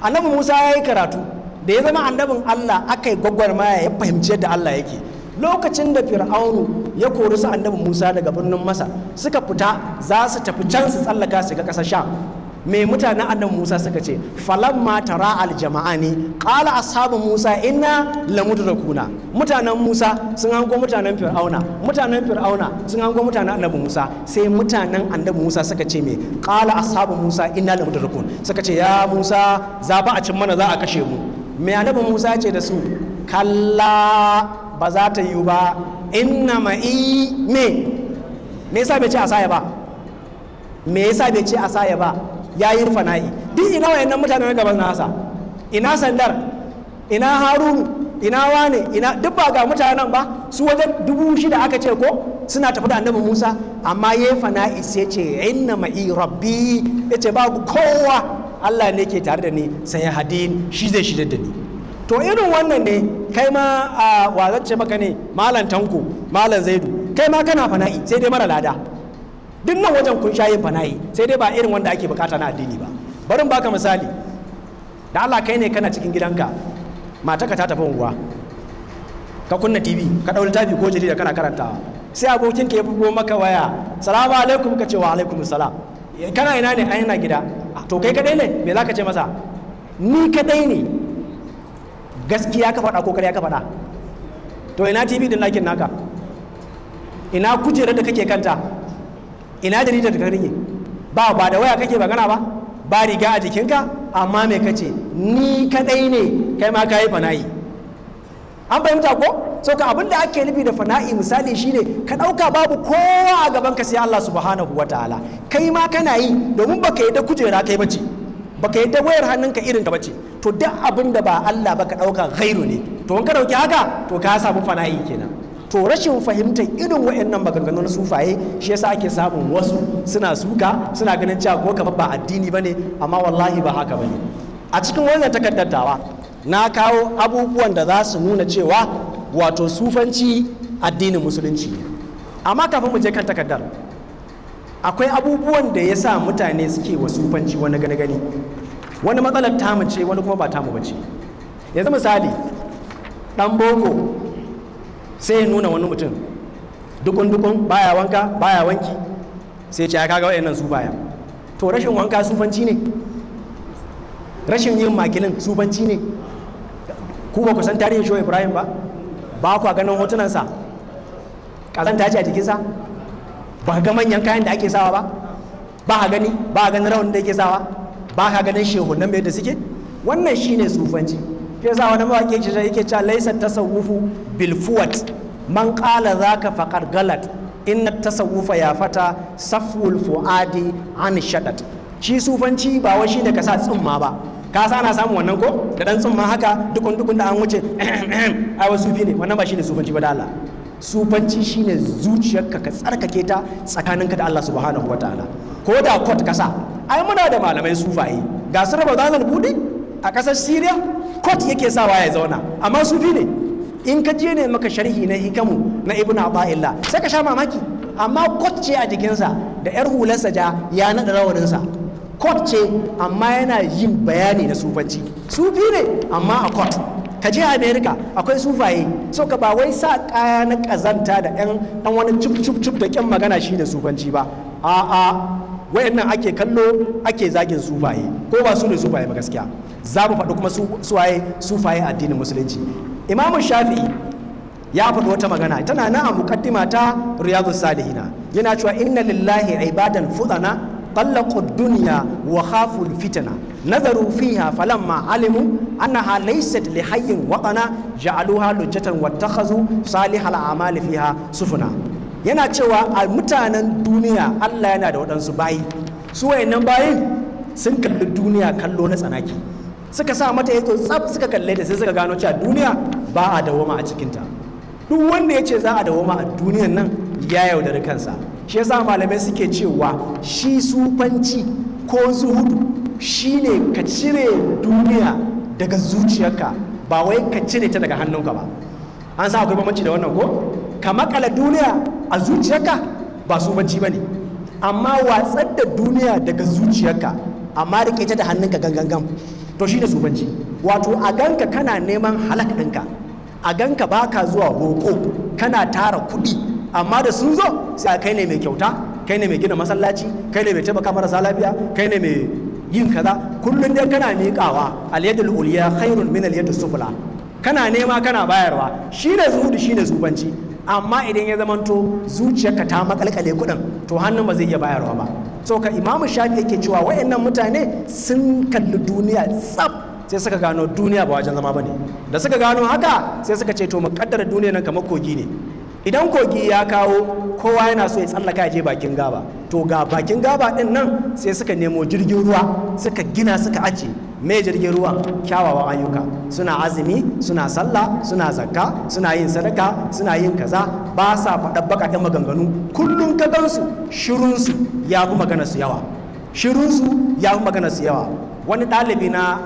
annabi musa ya yi karatu da ya zama annabin Allah aka yi gwagwarmaya ya fahimci yadda Allah yake lokacin da fir'aunu ya kori su annabi musa daga birnin masa suka fita za su tafi can su tsallaka su ga ƙasar sha mai mutanen annabi musa suka ce falamma tara aljama'ani qala ashabu musa inna kuna mutanen musa sun hango mutanen fir'auna mutanen fir'auna sun hango mutanen annabi musa sai mutanen annabi musa suka ce me qala ashabu musa inna kuna suka ce ya musa za ba a cin mana za a kashe mu mai annabi musa ce da su kalla ba za ta yiwu ba inna ma'i me me yasa bai ce asaya ba me yasa bai ce asaya ba ya yi fana'i duk ina wayannan mutane na gaban nasa ina sandar ina harunu ina wane ina duk ba ga mutanen ba su wajen dubu shida aka ce ko suna tafi da annabi musa amma ya yi fana'i sai ce inna ma'i rabbi ya ce ba kowa allah ne ke tare da ni sai hadin shi zai shidar da ni to irin wannan ne kai ma a wa maka ne malam tanko malam zaidu kai ma kana fana'i sai dai mara lada duk nan wajen kun sha yin fana'i sai dai ba irin wanda ake bukata na addini ba barin baka misali da Allah kai ne kana cikin gidanka mataka ta tafi unguwa ka kunna tv ka ɗau littafi ko jarida kana karanta. sai abokin ka ya bugo maka waya salamu alaikum ka ce wa alaikum salam eh, kana ina ne ai yana gida ah, to kai kadai ne me zaka ce masa ni kadai ne gaskiya ka faɗa ko karya ka faɗa to ina tv din lakin naka ina kujerar da kake kanta ina jaridar da ka rike ba ba da waya kake magana ba ba riga a jikinka amma me kace ni kadai ne kai ma kayi fana'i an fahimta ko so ka abin da ake nufi da fana'i misali shine ka ɗauka babu kowa a gaban ka sai Allah subhanahu wataala kai ma kana yi domin baka yi da kujera kai bace baka yadda wayar hannunka irin ka bace to duk abin da ba Allah baka dauka ghairu ne to in ka dauki haka to ka samu fana'i kenan to rashin fahimtar irin wayannan maganganu na sufaye shi yasa ake samun wasu suna suka suna ganin cewa ko ka ba addini bane amma wallahi ba haka bane a cikin wannan takaddatawa na kawo abubuwan da za su nuna cewa wato sufanci addinin musulunci ne amma kafin mu je kan takaddar. akwai abubuwan da ya sa mutane suke wasu fanci wani gani gani wani matsalar tamu ce wani kuma ba tamu ya yanzu misali dan boko sai ya nuna wani mutum dukun dukun baya wanka baya wanki sai ce ya kaga wayannan su baya to rashin wanka sufanci ne rashin yin makilin sufanci ne ku ba ku san tarihin shoyi ibrahim ba ba ku ganin hotunansa ƙazanta ce a jikinsa ba ga manyan kayan da ake sawa ba ba ka gani ba ka ganin rawan da yake sawa ba ka ganin shehunan bai da suke wannan shine sufanci ke sa wani mawaƙi ce yake cewa laisa tasawufu bil fuwat man qala zaka faqad galat inna tasawufa ya fata safwul fuadi an shadat shi sufanci ba wai shine ka sa tsumma ba ka sa ana samun wannan ko da dan tsumma haka dukun dukun da an wuce <clears throat> ai wasu sufi ne wannan ba shine sufanci ba da Allah sufanci shine zuciyarka ka tsarkake ta tsakaninka da Allah subhanahu wataala ko da kot kasa ai muna da malamai sufaye ga su raba zanen budi a kasar Syria kot yake sawa ya zauna amma sufi ne in ka je ne maka sharhi na hikamu na ibn Abdalla sai ka sha mamaki amma kot ce a jikinsa da yar sa ja ya nada naɗa sa kot ce amma yana yin bayani na sufanci sufi ne amma a kot ka je america akwai sufaye so ka ba wai sa kaya na kazanta da yan dan wani cup cup cup da kyan magana shi da sufanci ba a'a wayannan ake kallo ake zagin sufaye ko ba su ne sufaye ba gaskiya za mu faɗi kuma suwaye sufaye addinin musulunci imamu shafi'i ya faɗi wata magana tana nan a muqaddima ta riyadus salihina yana cewa inna lillahi ibadan fudana طلقوا الدنيا وخافوا الفتنة نظروا فيها فلما علموا أنها ليست لحي وطنا جعلوها لجة واتخذوا صالح الأعمال فيها سفنا yana cewa a mutanen duniya Allah yana da waɗansu bayi su wayannan bayin sun kalli duniya kallo na tsanaki suka sa mata yato tsab suka kalle ta sai suka gano cewa duniya ba a dawoma a cikinta duk wanda ya ce za a dawoma a duniyan nan ya yaudari kansa shi yasa malamai suke cewa shi sufanci ko zuhudu shine ka cire duniya daga zuciyarka ba wai ka cire ta daga hannunka ba an sa akwai bambanci da wannan ko ka makala duniya a zuciyarka ba sufanci ba ne amma watsar da duniya daga zuciyarka amma rike ta da hannunka gangan to shine sufanci wato a ganka kana neman halak ɗinka a ganka baka zuwa roƙo kana tara kuɗi amma da sun zo sai a kai ne mai kyauta kai ne mai gina masallaci kai ne mai taimaka marasa lafiya kai ne mai yin kaza kullum dai kana miƙawa aliyadul uliya khairun min aliyadus sufla kana nema kana bayarwa shine ne shine shi zubanci amma idan ya zamanto zuciyarka ta makalkale kuɗin, to hannun ba zai iya bayarwa ba so ka imamu shafi yake cewa wayannan mutane sun kalli duniya tsaf sai suka gano duniya ba wajen zama bane da suka gano haka sai suka ce to mu kaddara duniya nan kamar kogi ne idan kogi ya kawo kowa yana so ya tsallaka ya je bakin gaba to ga bakin gaba din nan sai suka nemo jirgin ruwa suka gina suka ace mai jirgin ruwa kyawawan ayyuka suna azumi suna sallah suna zakka suna yin sadaka suna yin kaza ba sa faɗa baƙaƙen maganganu kullum ka gansu shirunsu ya fi magana su yawa shirunsu ya fi magana su yawa wani ɗalibi na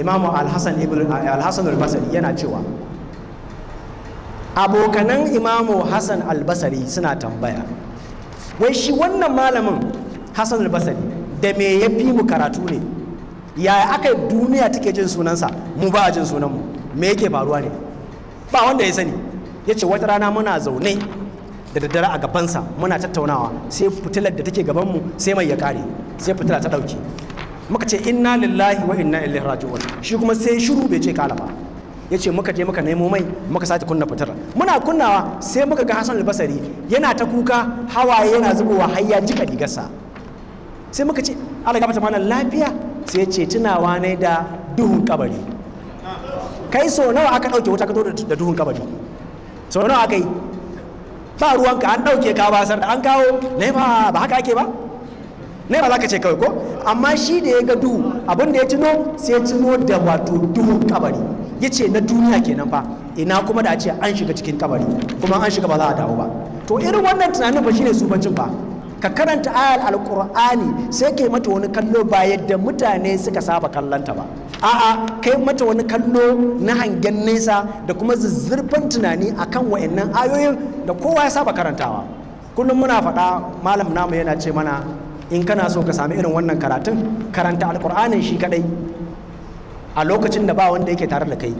imamu alhassan ibn alhassan yana cewa abokanan imamu hassan albasari suna tambaya wai shi wannan malamin hassan albasari da me ya fi mu karatu ne yaya aka duniya take jin sunansa mu ba a jin sunanmu me yake faruwa ne ba wanda ya sani ya ce wata rana muna zaune da daddare a gabansa muna tattaunawa sai fitilar da take gabanmu sai mai ya kare sai fitila ta ɗauke muka ce inna lillahi wa inna ilaihi raji'un shi kuma sai shiru bai ce kala ba ya ce muka je muka nemo mai muka sati kunna fitar muna kunnawa sai muka ga hassan albasari yana ta kuka hawaye yana zubowa har ya jika digarsa sai muka ce ala gaba tamanan lafiya sai ce tunawa ne da duhun kabari kai so nawa aka dauke wuta ka da duhun kabari so nawa aka yi ba ka an dauke ka basar da an kawo ne ba haka ake ba ne ba za ka ce kawai ko amma shi da ya ga duhu abin da ya tuno sai ya tuno da wato duhu kabari ya ce na duniya kenan fa ina kuma da a ce an shiga cikin kabari kuma an shiga ba za a dawo ba to irin wannan tunanin ba shine sufancin ba ka karanta ayar alkur'ani sai kai mata wani kallo ba yadda mutane suka saba kallanta ba a'a kai mata wani kallo na hangen nesa da kuma zuzzurfan tunani akan wa'annan ayoyin da kowa ya saba karantawa kullum muna faɗa malam namu yana ce mana in kana so ka sami irin wannan karatun karanta alkur'anin shi kadai a lokacin da ba wanda yake tare da kai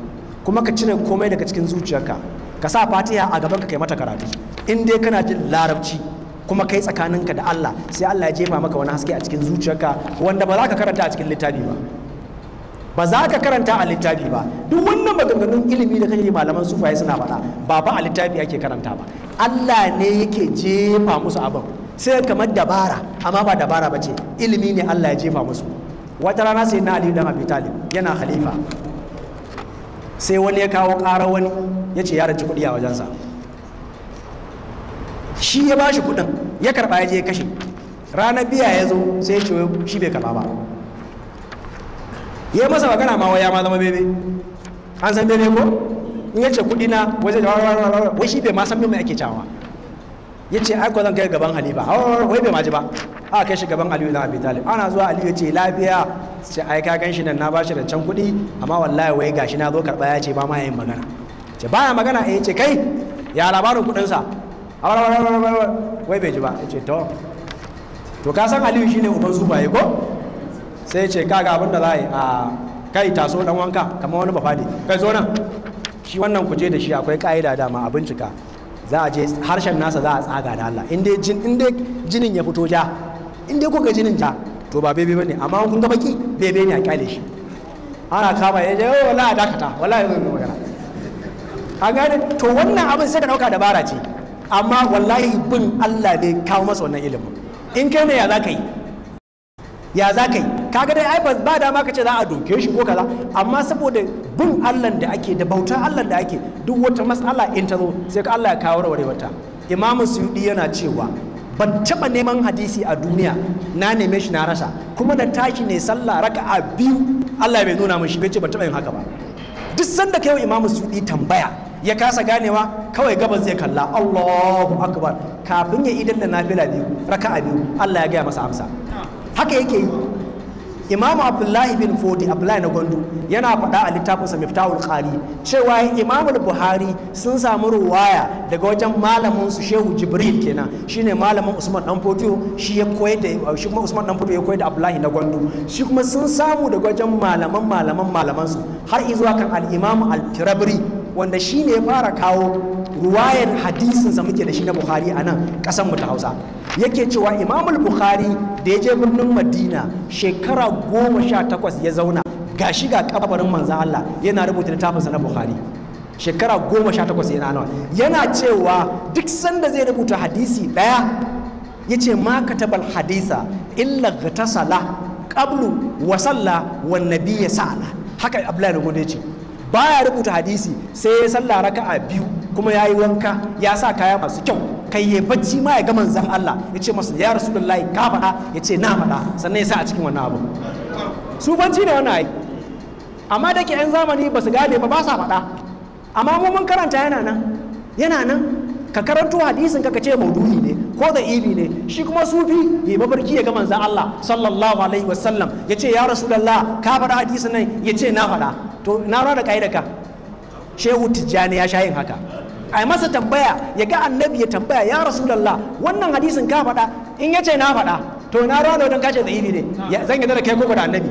kuma ka cire komai daga cikin zuciyarka ka sa fatiha a gaban ka kai mata karatu in dai kana jin larabci kuma kai tsakaninka da Allah sai Allah ya jefa maka wani haske a cikin zuciyarka wanda ba za ka karanta a cikin littafi ba ba za ka karanta a littafi ba duk wannan maganganun ilimi da kake malaman sufaye suna faɗa ba ba a littafi ake karanta ba Allah ne yake jefa musu abin sai kamar dabara amma ba dabara ba ce ilimi ne Allah ya jefa musu wata rana sai na Ali dan Abi Talib yana khalifa sai wani ya kawo ƙara wani ya ce ya raci kuɗi a wajensa shi ya ba shi kuɗin ya karɓa ya je kashe ranar biya ya zo sai ya ce shi bai karɓa ba ya masa magana ma waya ma zama bebe an san bebe ko in ya ce kuɗi na wajen wai shi bai ma san mai ake cawa ya ce ai zan kai gaban halifa oh, wai bai maji ba a kai shi gaban aliyu na abi talib ana zuwa aliyu ce lafiya ce ai ka gan shi nan na bashi da can kuɗi amma wallahi wai gashi na zo karɓa ya ce ba ma yin magana ce baya magana eh ce kai ya labarin kuɗinsa wai bai ji ba ya ce to to ka san aliyu shine uban zubaye ko sai ya ce kaga abin da za a yi a kai taso dan wanka kamar wani bafade kai zo nan shi wannan kuje da shi akwai ka'ida dama a bincika za a je harshen nasa za a tsaga da Allah in dai jinin ya fito ja in dai kuka jinin ja to ba bebe bane amma kun ga baki bebe ne a kyale shi ana kama ya je oh, wala a dakata wala ya zo magana a gane to wannan abin sai ka dauka dabara ce amma wallahi bin Allah bai kawo masa wannan ilimin in kai ne ya za ka yi ya za ka yi kaga dai ai ba dama ka ce za a doke shi ko kaza amma saboda bin Allah da ake da bautar Allah da ake duk wata matsala in ta zo sai ka Allah ya kawo warwarewata imamu suyudi yana cewa ban taɓa neman hadisi a duniya na neme shi na rasa kuma da tashi ne sallah raka'a biyu Allah bai nuna mun shi bai ce ban taɓa yin haka ba duk sanda kai wa imamu suyudi tambaya ya kasa ganewa kawai gabas zai kalla Allahu akbar kafin ya idan da nafila biyu raka'a biyu Allah ya gaya masa amsa haka yake yi imamu abdullahi bin fodi abdullahi na gwandu yana faɗa a littafinsa miftahul qari cewa imamu buhari sun samu ruwaya daga wajen malamin su shehu jibril kenan shine malamin usman dan fotiyo shi ya koyar da shi kuma usman dan ya koyar da abdullahi na shi kuma sun samu daga wajen malaman malaman malaman su har izuwa kan al-imamu al-firabri wanda shi ne ya fara kawo ruwayar hadisin sa muke da shi na bukhari a nan ƙasar mu ta hausa yake cewa imamul bukhari da ya je birnin madina shekara goma sha takwas ya zauna ga shi ga kabarin manzan allah yana rubuta sa na bukhari shekara goma sha takwas yana nawa yana cewa duk sanda zai rubuta hadisi ɗaya ya ce ma katabal hadisa illa gatasala qablu wa salla wa nabiyya sa'ala haka abdullahi ne ce baya rubuta hadisi sai ya salla raka'a biyu kuma ya yi wanka ya sa kaya masu kyau kai ya bacci ma ya ga manzan Allah ya ce masa ya rasulullahi ka faɗa ya ce na faɗa sannan ya sa a cikin wannan abu su banci ne wannan ai amma da ke yan zamani ba su gane ba ba sa faɗa amma mu mun karanta yana nan yana nan ka karanto hadisin ka ce maudu'i ne ko da ibi ne shi kuma sufi ya yi mafarki ya ga manzan Allah sallallahu alaihi wasallam ya ce ya rasu rasulullah ka faɗa hadisin nan ya ce na faɗa to na rana da ka shehu tijjani ya sha yin haka a masa tambaya ya ga annabi ya tambaya ya rasu rasulullah wannan hadisin ka faɗa in ya ce na faɗa to na rawa wajen kace zaibi ne zan yadda da kai koko da annabi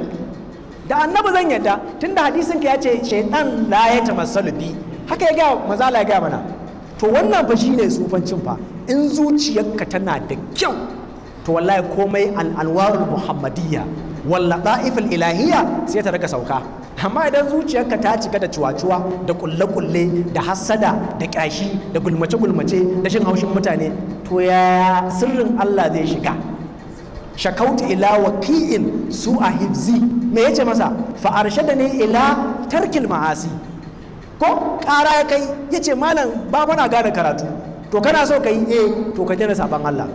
da annabi zan yadda tunda hadisin ka ya ce shaitan la ya ta masalubi haka ya ga mazala ya ga mana to wannan fa shine sufancin fa in zuciyarka tana da kyau to wallahi komai alwarul muhammadiyya walla da'ifil ilahiyya sai ta rika sauka amma idan zuciyarka ta cika da cuwacuwa da kulle-kulle da hassada da kyashi da gulmace-gulmace da shin haushin mutane to ya sirrin Allah zai shiga shakauti ila waki'in su a hifzi me yace masa fa arshada ne ila tarkin ma'asi ko ƙara ya kai yace malam ba na gane karatu to kana so ka yi eh to ka daina sabon Allah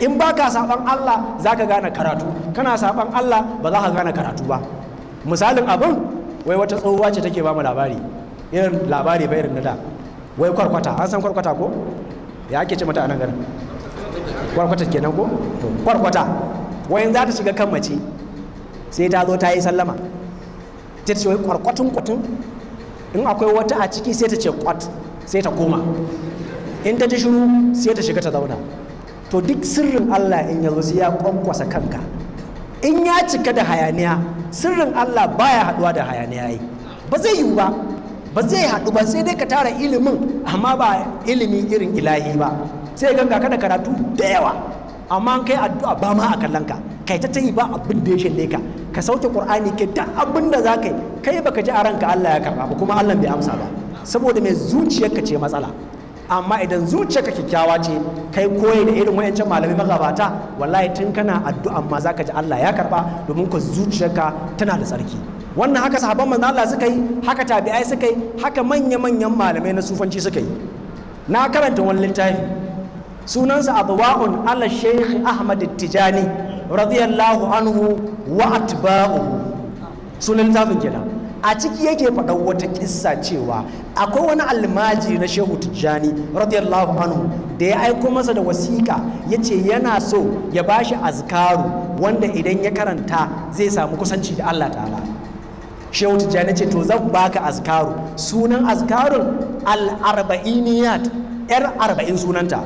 in ba ka saban Allah za ka gane karatu kana saban Allah ba za ka gane karatu ba misalin abin wai wata tsohuwa ce take ba mu labari irin labari bai irin na da wai kwarkwata an san kwarkwata ko ya ake ce mata a nan garin kwarkwata kenan ko kwarkwata wayan za ta shiga kan mace sai ta zo ta yi sallama ta ce wai kwarkwatun kwatun in akwai wata a ciki sai ta ce kwat sai ta koma in ta ji shiru sai ta shiga ta zauna to duk sirrin Allah in yazo sai ya kwankwasa kanka in ya cika da hayaniya sirrin Allah baya haduwa da hayaniya yi ba zai yiwu ba ba zai haɗu ba sai dai ka tara ilimin amma ba ilimi irin ilahi ba sai ganga ka da karatu da yawa amma kai addu'a ba ma a kallon ka kai ta tayi ba abin da ya shinde ka ka sauke qur'ani ke duk abin da za kai kai baka ji a ranka Allah ya karba ba kuma Allah bai amsa ba saboda mai zuciyarka ce matsala amma idan zuciyarka kyakkyawa ce kai koyi da irin wayancan malamai magabata wallahi tun kana addu'a za zaka ji Allah ya karba domin ku zuciyarka tana da tsarki wannan haka sahabban manzo Allah suka yi haka tabi'ai suka yi haka manya-manyan malamai na sufanci suka yi na karanta wani littafi sunansa adwa'un ala sheikh ahmad tijani radiyallahu anhu wa atba'u sunan littafin kenan a ciki yake faɗa wata kissa cewa akwai wani almaji na shehu tijjani radiyallahu anhu da ya aiko masa da wasiƙa ya ce yana so ya bashi azkaru wanda idan ya karanta zai samu kusanci da Allah ta'ala shehu tijjani ce to zan baka azkaru sunan azkarun al-arba'iniyat yar arba'in sunanta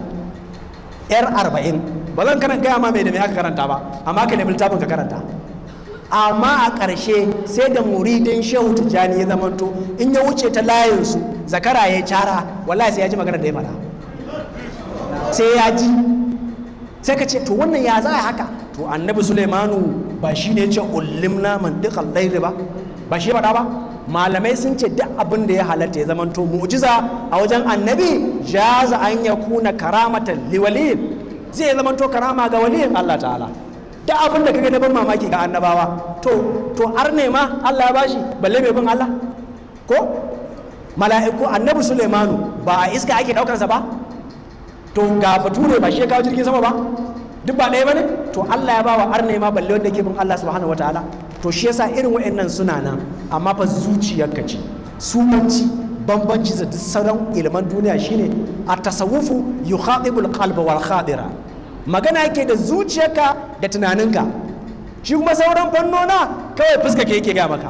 yar arba'in ba zan karanta gaya ma mai da mai aka karanta ba amma ka nemi littafin ka karanta amma a ƙarshe sai da muridin shehu tijjani ya zamanto in ya wuce ta layinsu zakara ya cara wallahi sai ya ji magana da ya mara sai ya ji sai ka ce to wannan ya za haka to annabi sulaimanu ba shi ne ce ulimna man duk allaili ba ba shi ba malamai sun ce duk abin da ya halatta ya zamanto mu'jiza a wajen annabi jaza an ya kuna karamatan liwali zai zamanto karama ga waliyin allah ta'ala da abin da kaga na ban mamaki ga annabawa to to har ne ma Allah ya bashi balle mai bin Allah ko mala'iku annabi Sulaimanu ba a iska ake daukar sa ba to ga bature ba shi kawo jirgin sama ba duk ba ɗaya bane to Allah ya bawa arne ma balle wanda ke bin Allah subhanahu wataala to shi yasa irin wayannan suna nan amma fa ka ce sumanci bambanci da duk sauran ilman duniya shine at-tasawufu yukhatibul qalba wal khadira magana yake da zuciyarka da tunaninka shi kuma sauran fannona kawai fuska ke yake gaya maka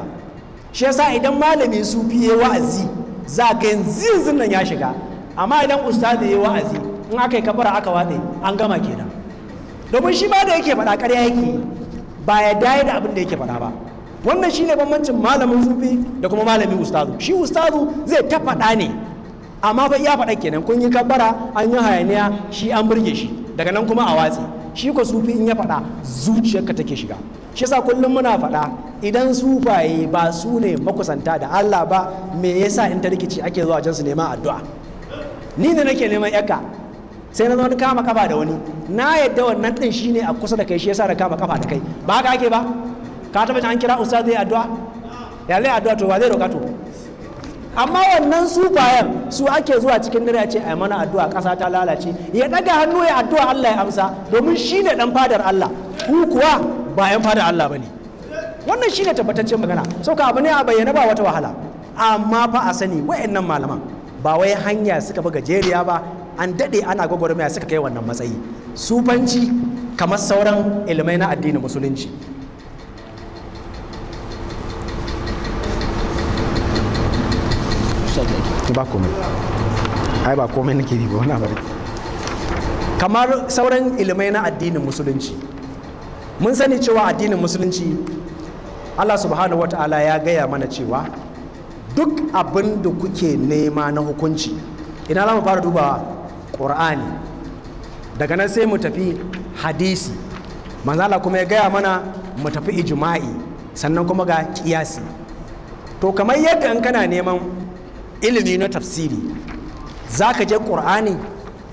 shi yasa idan malami su ya wa'azi za ka yanzu nan ya shiga amma idan ustazi ya wa'azi in aka yi kabara aka watsa an gama kenan domin shi ba da yake faɗa karya yake ba ya daya da abin da yake faɗa ba wannan shine bambancin malamin sufi da kuma malamin ustazu shi ustazu zai ta faɗa ne amma ba iya faɗa kenan kun yi kabara an yi hayaniya shi an burge shi daga nan kuma a watsi shi ko sufi in ya faɗa zuciyarka take shiga shi yasa kullum muna faɗa idan sufaye ba su ne makusanta da Allah ba me yasa in ta rikici ake zuwa jinsu su neman addu'a ni ne nake neman yakka sai na zo kama kafa da wani na yadda wannan din shine a kusa da kai shi yasa da kama kafa da kai ba haka ake ba ka tabbata an kira ustaz zai addu'a ya lai addu'a to wa zai roka to amma wannan sufayan su ake zuwa cikin dare a ce ai mana addu'a ƙasa ta lalace ya ɗaga hannu ya addu'a Allah ya amsa domin shine ɗan fadar Allah ku kuwa ba yan fadar Allah bane wannan shine tabbataccen magana sauka abu ne a bayyana ba wata wahala amma fa a sani wayannan malaman ba wai hanya suka bi gajeriya ba an daɗe ana gwagwarmaya suka kai wannan matsayi sufanci kamar sauran ilimai na addinin musulunci ba komai ai ba komai nake yi ba wani kamar sauran ilimai na addinin musulunci mun sani cewa addinin musulunci Allah subhanahu wata'ala ya gaya mana cewa duk abin da kuke nema na hukunci ina za mu fara duba ƙur'ani daga nan sai mu tafi hadisi manzala kuma ya gaya mana mu tafi ijma'i sannan kuma ga kiyasi to kamar yadda in kana neman ilimi na tafsiri za ka je ƙur'ani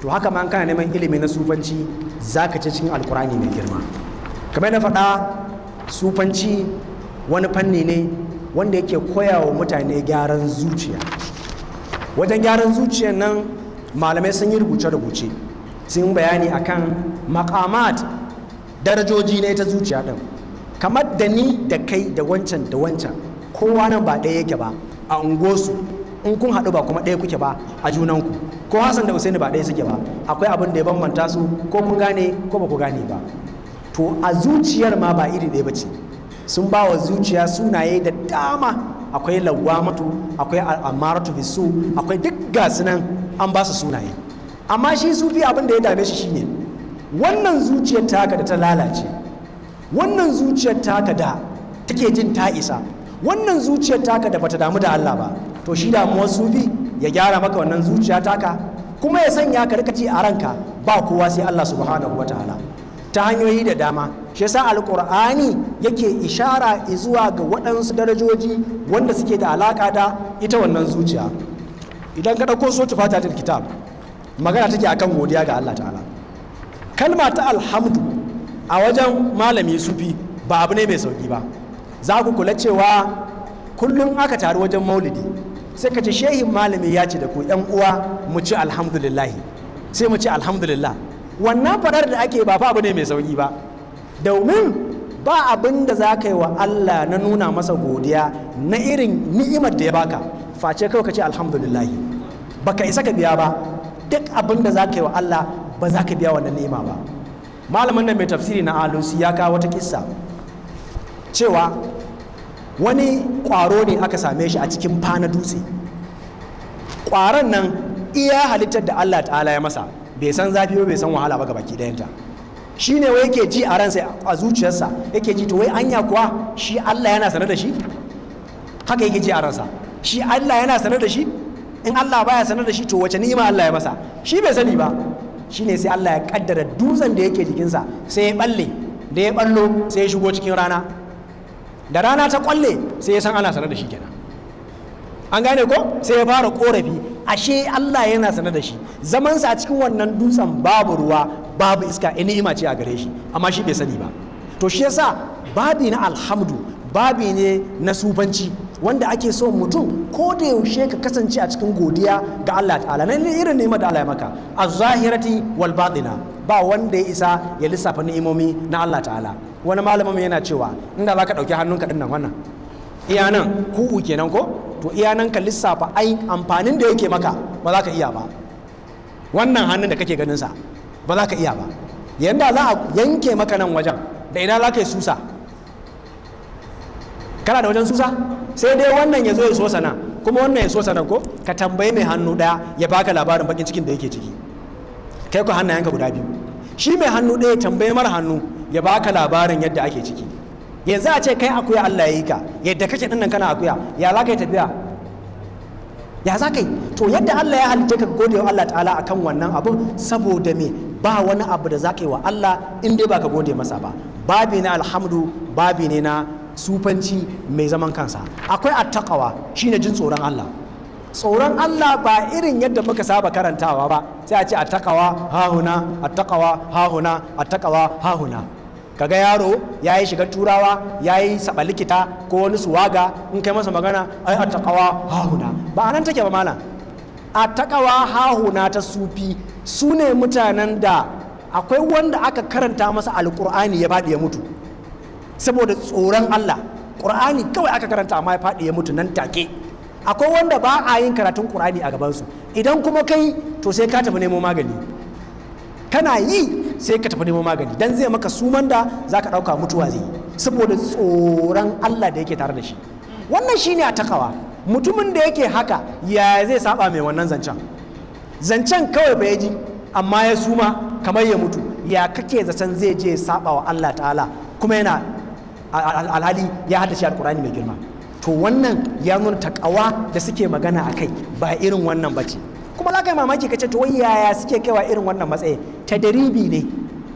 to haka ma kana neman ilimi na sufanci za ka je cikin alƙur'ani mai girma kamar na faɗa sufanci wani fanni ne wanda yake koya wa mutane gyaran zuciya wajen gyaran zuciyar nan malamai sun yi rubuce-rubuce sun bayani akan makamat darajoji ne ta zuciya ɗin kamar da ni da kai da wancan da wancan kowa nan ba ɗaya yake ba a ungosu in kun haɗu ba kuma ɗaya kuke ba a junanku ko Hassan da Usaini ba ɗaya suke ba akwai abin da ya bambanta su ko kun gane ko ba ku gane ba to a zuciyar ma ba iri ɗaya bace sun ba wa zuciya sunaye da dama akwai lawamatu akwai al'amaratu bisu akwai duk gasu nan an ba su sunaye amma shi sufi abin da ya dame shi shine wannan zuciyar taka da ta lalace wannan zuciyar taka da take jin ta isa wannan zuciyar taka da bata damu da Allah ba to shi damuwar sufi ya gyara maka wannan zuciya taka kuma ya sanya ka rika ci a ranka ba kowa sai Allah subhanahu wataala ta hanyoyi da dama shi yasa alqur'ani yake ishara zuwa ga waɗansu darajoji wanda suke da alaka da ita wannan zuciya idan ka ɗauko sotu fata da kitab magana take akan godiya ga Allah ta'ala kalma ta alhamdu a wajen malami sufi ba abu ne mai sauki ba za ku kula cewa kullum aka taru wajen maulidi sai ka ce shehin malami ya ce da ku yan uwa mu ci alhamdulillahi sai mu ci alhamdulillah wannan farar da ake ba fa abu ne mai sauki ba domin ba abin da za ka yi wa Allah na nuna masa godiya na irin ni'imar da ya baka face kawai ka ce alhamdulillah baka isa ka biya ba duk abin da za ka yi wa Allah ba za ka biya wannan ni'ima ba malamin nan mai tafsiri na alusi ya kawo wata kissa cewa wani kwaro ne aka same shi a cikin fana dutse kwaron nan iya halittar da Allah ta'ala ya masa bai san zafi ba bai san wahala ba gabaki ta. shi ne wai yake ji a ransa a zuciyarsa yake ji to wai anya kuwa shi Allah yana sanar da shi haka yake ji a ransa shi Allah yana sanar da shi in Allah baya sanar da shi to wace ni'ima Allah ya masa shi bai sani ba shine sai Allah ya kaddara dutsen da yake jikinsa sai ya balle da ya ballo sai ya shigo cikin rana da rana ta kwalle sai ya san ana sanar da shi kenan an gane ko sai ya fara korafi ashe Allah yana sanar da shi zamansa a cikin wannan dutsen babu ruwa babu iska eh, ina ima ce a gare shi amma shi bai sani ba to shi yasa babi na alhamdu babi ne na sufanci wanda ake so mutum ko da yaushe ka kasance a cikin godiya ga Allah ta'ala nan irin nema da Allah ya maka az-zahirati wal batina ba wanda ya isa ya lissafa ni'imomi na Allah ta'ala wani malamin yana cewa inda ka dauki hannunka dinnan wannan iya nan ku kenan ko to iya nan ka lissafa ai amfanin da yake maka ba za ka iya ba wannan hannun da kake ganin sa ba za ka iya ba yanda za a yanke maka nan wajen da ina za ka yi susa kana da wajen susa sai dai wannan ya zo ya so sana kuma wannan ya so sana ko ka tambaye mai hannu daya ya baka labarin bakin cikin da yake ciki kai ku hannayenka guda biyu shi mai hannu daya tambaye mara hannu ya baka labarin yadda ake ciki yanzu a ce kai akuya Allah ya yi ka yadda kake dinnan kana akuya ya za ka yi tafiya ya za ka yi to yadda Allah ya halitta ka gode wa Allah ta'ala akan wannan abun saboda me ba wani abu da za ka yi wa Allah in dai ba ka gode masa ba babi na alhamdu babi ne na sufanci mai zaman kansa akwai attaqawa shine jin tsoron Allah tsoron Allah ba irin yadda muka saba karantawa ba sai a ce attaqawa hahuna attaqawa hahuna attaqawa hahuna kaga yaro ya yi shiga turawa ya yi likita, ko wani suwaga in kai masa magana ai attaqawa hahuna ba anan take ba malam attaqawa hahuna ta sufi su ne mutanen da akwai wanda aka karanta masa alkur'ani ya baɗi ya mutu saboda tsoron Allah ƙur'ani kawai aka karanta amma ya faɗi ya mutu nan take akwai wanda ba a yin karatun ƙur'ani a gabansu idan kuma kai to sai ka tafi nemo magani kana yi sai ka tafi nemo magani dan zai maka suman da zaka ka ɗauka mutuwa zai saboda tsoron Allah da yake tare da shi wannan shine a takawa mutumin da yake haka ya zai saba mai wannan zancen zancen kawai bai ji amma ya suma kamar ya mutu ya kake zaton zai je saba wa Allah ta'ala kuma yana alhali ya hada shi alkurani mai girma to wannan ya nuna takawa da suke magana a kai ba irin wannan ba ce kuma za ka yi mamaki ka ce to yaya suke kaiwa irin wannan matsayi ta daribi ne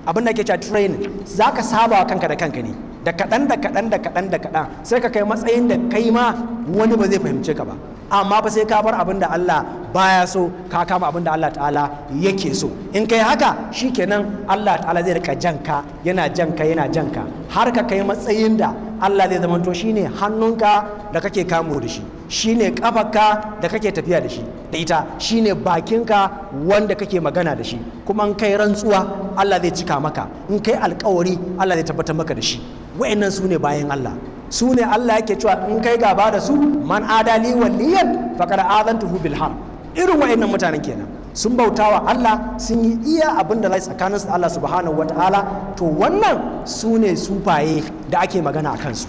abin da ke cewa training za ka saba kanka da kanka ne da kaɗan da kaɗan da kaɗan da kaɗan sai ka kai matsayin da kai ma wani ba zai fahimce ka ba amma ba sai ka bar abin da Allah baya so ka kama abin da Allah ta'ala yake so in kai haka shi shikenan Allah ta'ala zai rika janka yana janka yana janka har ka kai matsayin da Allah zai zamanto shine hannunka da kake kamo da shi shine kafarka da kake tafiya da shi da ita shine bakinka wanda kake magana da shi kuma in kai rantsuwa Allah zai cika maka in kai alkawari Allah zai tabbatar maka da shi wa'annan su ne bayan Allah su ne Allah yake cewa in kai gaba da su man adali waliyan fakar azantuhu bil har irin wa'annan mutanen kenan sun bauta wa Allah sun yi iya abin da lai tsakanin su Allah subhanahu wataala to wannan su ne sufaye da ake magana a kansu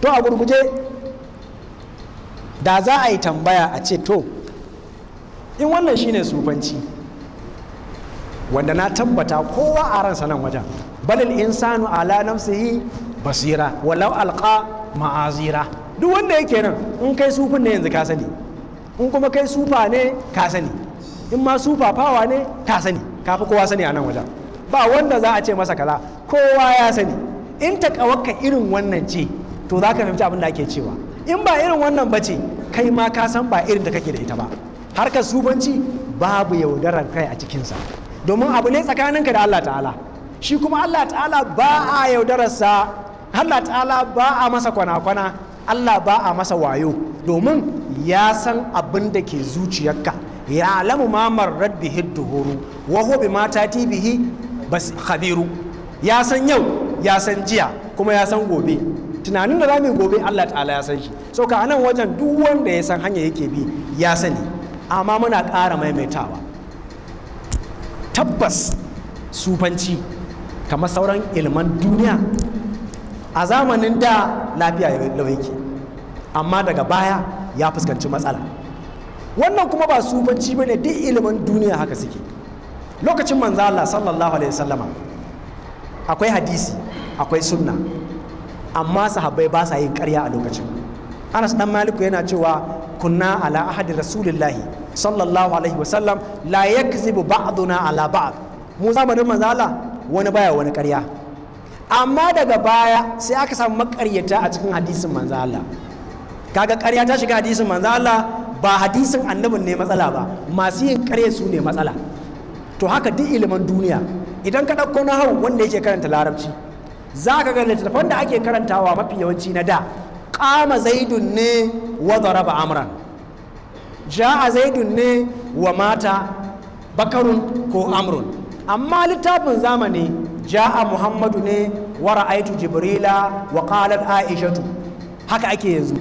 to a gurguje da za a yi tambaya a ce to in wannan shine sufanci wanda na tabbata kowa a ransa nan wajen balil insanu ala nafsihi basira walau alƙa ma'azira duk wanda yake nan in kai sufin ne yanzu ka sani in kuma kai sufa ne ka sani in ma sufa fawa ne ka sani kafi kowa sani a nan wajen ba wanda za a ce masa kaza kowa ya sani in ta kawakka irin wannan ce to za ka fahimci abin da ake cewa in ba irin wannan ba ce kai ma ka san ba irin da kake da ita ba harkar sufanci babu yaudarar kai a cikinsa domin abu ne tsakaninka da Allah ta'ala shi kuma Allah ta'ala ba a yaudararsa Allah ta'ala ba a masa kwana-kwana Allah ba a masa wayo domin ya san abin da ke zuciyarka ya alamu Mamar, rabbi hiddu duhuru waho bi mata tibihi khabiru ya san yau ya san jiya kuma ya san gobe tunanin da zamu gobe Allah ta'ala ya san shi so ka anan wajen duk wanda ya san hanya yake bi ya sani amma muna ƙara maimaitawa tabbas sufanci kamar sauran ilman duniya a zamanin da lafiya lau yake amma daga baya ya fuskanci matsala wannan kuma ba su sufanci bane duk ilimin duniya haka suke lokacin manzo Allah sallallahu alaihi wasallama akwai hadisi akwai sunna amma sahabbai ba sa yin karya a lokacin Anas dan Maliku yana cewa kunna ala ahadi rasulillahi sallallahu alaihi wasallam la yakzibu ba'duna ala ba'd mu zamanin manzo Allah wani baya wani karya amma daga baya sai aka samu makaryata a cikin hadisin manzala. kaga ƙarya ta shiga hadisin manzala, ba hadisin annabin ne matsala ba masu yin ƙarya su ne matsala to haka duk ilimin duniya idan ka ɗauko na hau wanda yake karanta larabci za ka ga littattafan da ake karantawa mafi yawanci na da ƙama zaidun ne wa zaraba amran a zaidun ne wa mata bakarun ko amrun amma littafin zamani ja'a muhammadu ne wa ra'aitu jibrila wa aishatu haka ake yanzu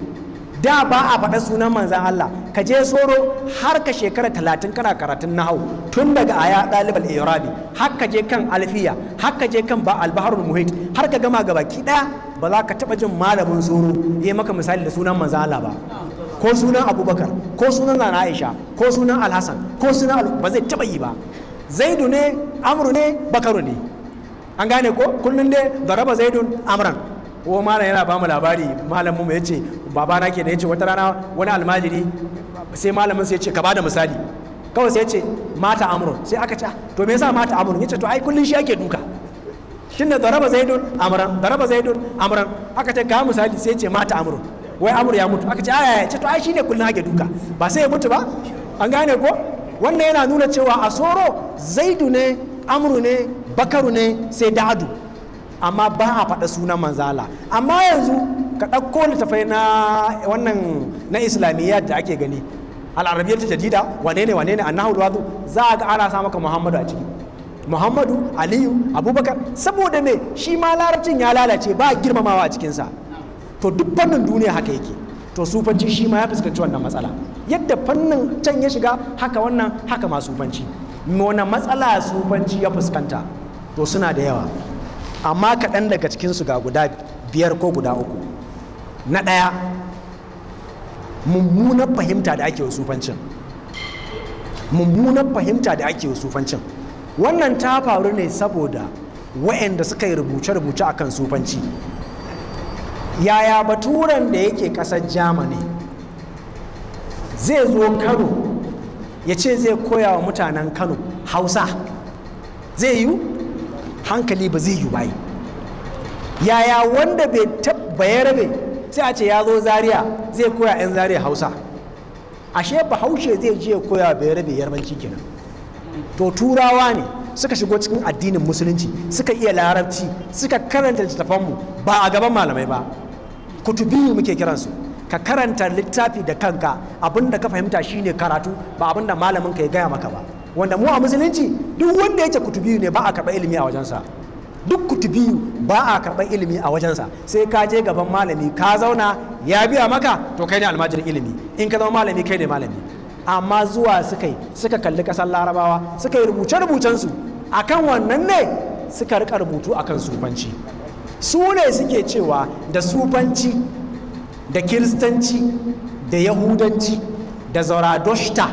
da ba a faɗa sunan manzan Allah ka je soro har ka shekara talatin kana karatun nahau tun daga aya ɗalibal irabi haka ka je kan alfiya haka ka je kan ba albaharul muhit har ka gama ga baki ɗaya ba za ka taɓa jin malamin soro ya maka misali da sunan manzan Allah ba ko sunan abubakar ko sunan nana aisha ko sunan alhassan ko sunan ba zai taɓa yi ba zaidu ne amru ne bakaru ne an gane ko kullum dai daraba zaidun amran ko malam yana ba mu labari malamin mu yace babana ke da ce wata rana wani almajiri sai malamin sai ce ka bada misali kawai sai ce mata amrun sai aka ce ah, to me yasa mata amrun ce to ai kullun shi ake duka tunda daraba zaidun amran daraba zaidun amran aka ce ga misali sai ce mata amrun wai amur ya mutu aka ce aya ya ce to ai shine kullun ake duka ba sai ya mutu ba an gane ko wannan yana nuna cewa a soro zaidu ne amru ne bakaru ne sai dadu amma ba a faɗa sunan manzala amma yanzu ka ɗauko littafai na wannan na islamiyya da ake gani al'arabiyyar ta jadida wane ne wane ne nahu duwadu za a ga ana sa maka muhammadu a ciki muhammadu aliyu abubakar saboda me shi ma larabcin ya lalace ba girmamawa a cikinsa to duk fannin duniya haka yake to sufanci shi ma ya fuskanci wannan matsala yadda fannin can ya shiga haka wannan haka ma sufanci wannan matsala sufanci ya fuskanta to suna da yawa amma kaɗan daga cikinsu ga guda biyar ko guda uku na ɗaya mummunar fahimta da ake wasufancin mummunar fahimta da ake wasufancin wannan ta faru ne saboda wa'anda suka yi rubuce-rubuce a kan sufanci yaya baturen da yake ƙasar germany zai zo kano ya ce zai koya wa mutanen kano hausa zai yiwu hankali ba zai yi bayi yaya wanda bai ya rabe sai a ce ya zo zaria zai koya 'yan Zariya hausa ashe bahaushe zai je koya bai rabe yarmanci kenan to turawa ne suka shigo cikin addinin musulunci suka iya larabci suka karanta littattafanmu ba a gaban malamai ba kutubi muke kiransu ka karanta littafi da kanka abinda ka fahimta shine karatu ba abinda malamin ka ya gaya maka ba wanda mu a musulunci duk wanda yake kutubi ne ba a karɓar ilimi a wajensa duk kutubi ba a karɓar ilimi a wajensa sai ka je gaban malami ka zauna ya biya maka to kai ne almajirin ilimi in ka zama malami kai ne malami amma zuwa suka yi suka kalli ƙasar larabawa suka yi rubuce-rubucensu akan wannan ne suka rika rubutu akan sufanci su ne suke cewa da sufanci da kiristanci da yahudanci da zauradoshta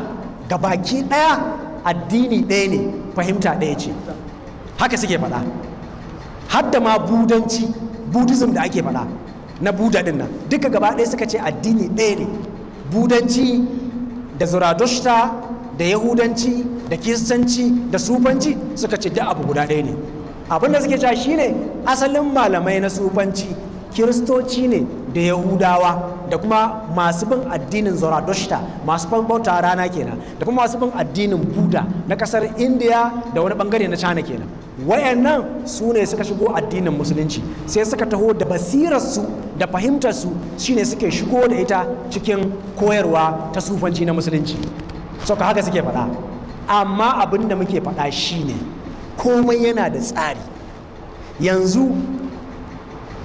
ga baki ɗaya addini ɗaya ne fahimta ɗaya ce haka suke faɗa hadda ma budanci budism da ake faɗa na buda ɗin nan duka gaba ɗaya suka ce addini ɗaya ne budanci da zuradushta da yahudanci da kiristanci da sufanci suka ce duk abu guda ɗaya ne abin da suke cewa shine asalin malamai na sufanci kiristoci ne da yahudawa da kuma masu bin addinin zoradoshta masu bauta rana kenan da kuma masu bin addinin buda na kasar indiya da wani bangare na china kenan wayannan su ne suka shigo addinin musulunci sai suka taho da basirarsu da fahimtarsu shine suke shigo da ita cikin koyarwa ta sufanci na musulunci sauka haka suke faɗa amma abin da muke faɗa shine komai yana da tsari yanzu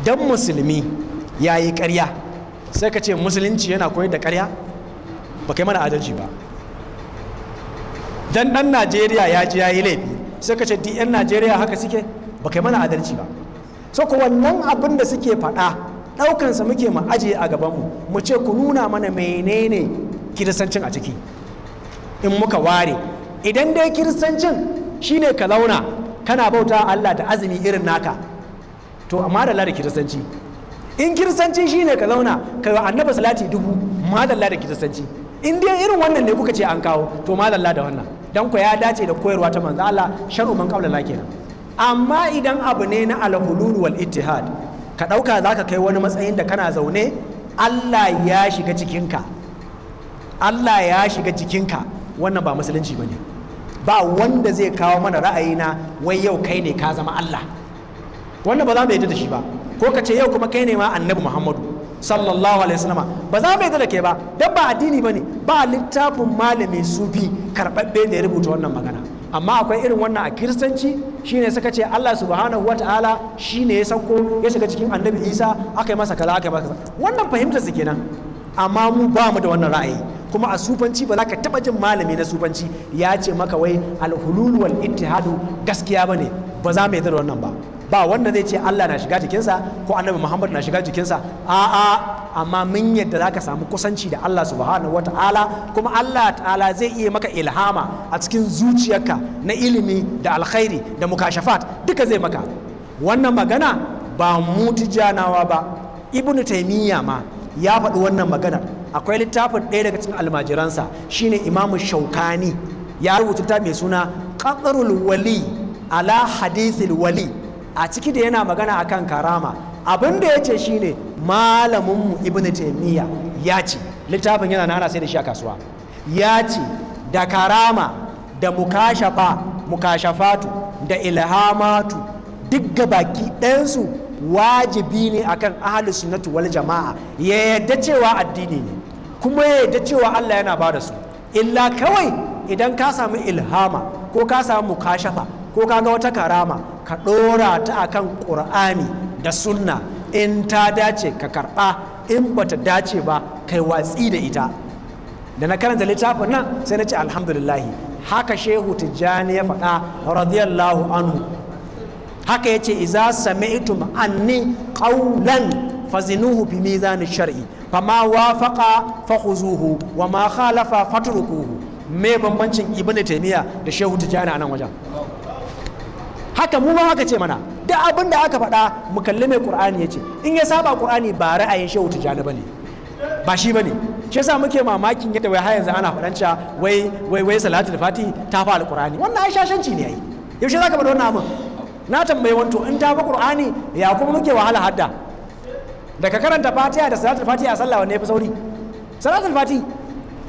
dan musulmi ya yi karya sai ka ce musulunci yana koyar da karya ba kai mana adalci ba dan dan najeriya ya ji ya yi laifi sai ka ce di yan najeriya haka suke ba kai mana adalci ba so ku wannan abin da suke faɗa ɗaukansa muke mu aje a gabanmu mu ce ku nuna mana menene kiristancin a ciki in muka ware idan dai kiristancin shine ka launa kana bauta Allah da azumi irin naka to amma da lari kiristanci in kiristanci shine ka zauna ka yi annabi salati dubu madalla da kiristanci in dai irin wannan ne kuka ce an kawo to madalla da wannan dan ku ya dace da koyarwa ta manzo Allah shar'u man qabla kenan amma idan abu ne na alhulul wal ittihad ka dauka zaka kai wani matsayin da kana zaune Allah ya shiga cikinka Allah ya shiga cikinka wannan ba musulunci bane ba wanda zai kawo mana ra'ayina wai yau kai ne ka zama Allah wannan ba za mu yadda da shi ba ko ka ce yau kuma kai ne ma annabi muhammadu sallallahu alaihi wasallam ba za mu yi da ke ba dan ba addini ba ne ba littafin malami sufi karɓaɓɓe da ya rubuta wannan magana amma akwai irin wannan a kiristanci shine suka ce Allah subhanahu wataala shine ya sauko ya shiga cikin annabi Isa aka yi masa kaza aka yi masa wannan fahimta su kenan amma mu ba mu da wannan ra'ayi kuma a sufanci ba za ka taɓa jin malami na sufanci ya ce maka wai alhulul wal ittihadu gaskiya bane ba za mu yi da wannan ba ba wanda zai ce Allah na shiga jikinsa ko annabi Muhammad na shiga jikinsa a'a amma mun yadda zaka samu kusanci da Allah subhanahu wata'ala kuma Allah ta'ala zai iya maka ilhama a cikin zuciyarka na ilimi da alkhairi da mukashafat duka zai maka wannan magana ba mu tijanawa ba ibnu taimiyya ma ya faɗi wannan magana akwai littafin ɗaya daga cikin almajiransa shine imamu shaukani ya rubuta mai suna qatrul wali ala hadithil wali a ciki da yana magana akan karama abin da ya ce shine malaminmu ibn taimiyya ya ce littafin yana nana sai da shi a kasuwa ya ce da karama da mukashafa mukashafatu da ilhamatu duk ga baki ɗansu wajibi ne akan ahalus sunnatu wal jama'a ya yadda cewa addini ne kuma ya yadda cewa Allah yana ba da su illa kawai idan ka samu ilhama ko ka samu mukashafa ko ka ga wata karama ka ɗora ta kan ƙur'ani da sunna in ta dace ka karɓa in bata dace ba kai watsi da ita da na karanta littafin nan sai na ce alhamdulillahi haka shehu tijjani ya faɗa radiyallahu anhu haka ya ce iza sami'tum anni qawlan fazinuhu bi mizani shar'i fama wafaqa fakhuzuhu wa ma khalafa fatrukuhu me bambancin ibnu taymiya da shehu tijjani a nan wajen haka mu ma haka ce mana duk abin da aka faɗa mu kalli mai qur'ani yace in ya saba qur'ani ba ra'ayin shehu tijani bane ba shi bane shi yasa muke mamakin yadda wai har yanzu ana faɗan wai wai wai salatul fati ta fa alqur'ani wannan ai shashanci ne ai yaushe zaka bada wannan abin na tambaye wanto in ta fa qur'ani ya kuma muke wahala hadda daga karanta fatiha da salatul fati a sallah wanne yafi sauri salatul fati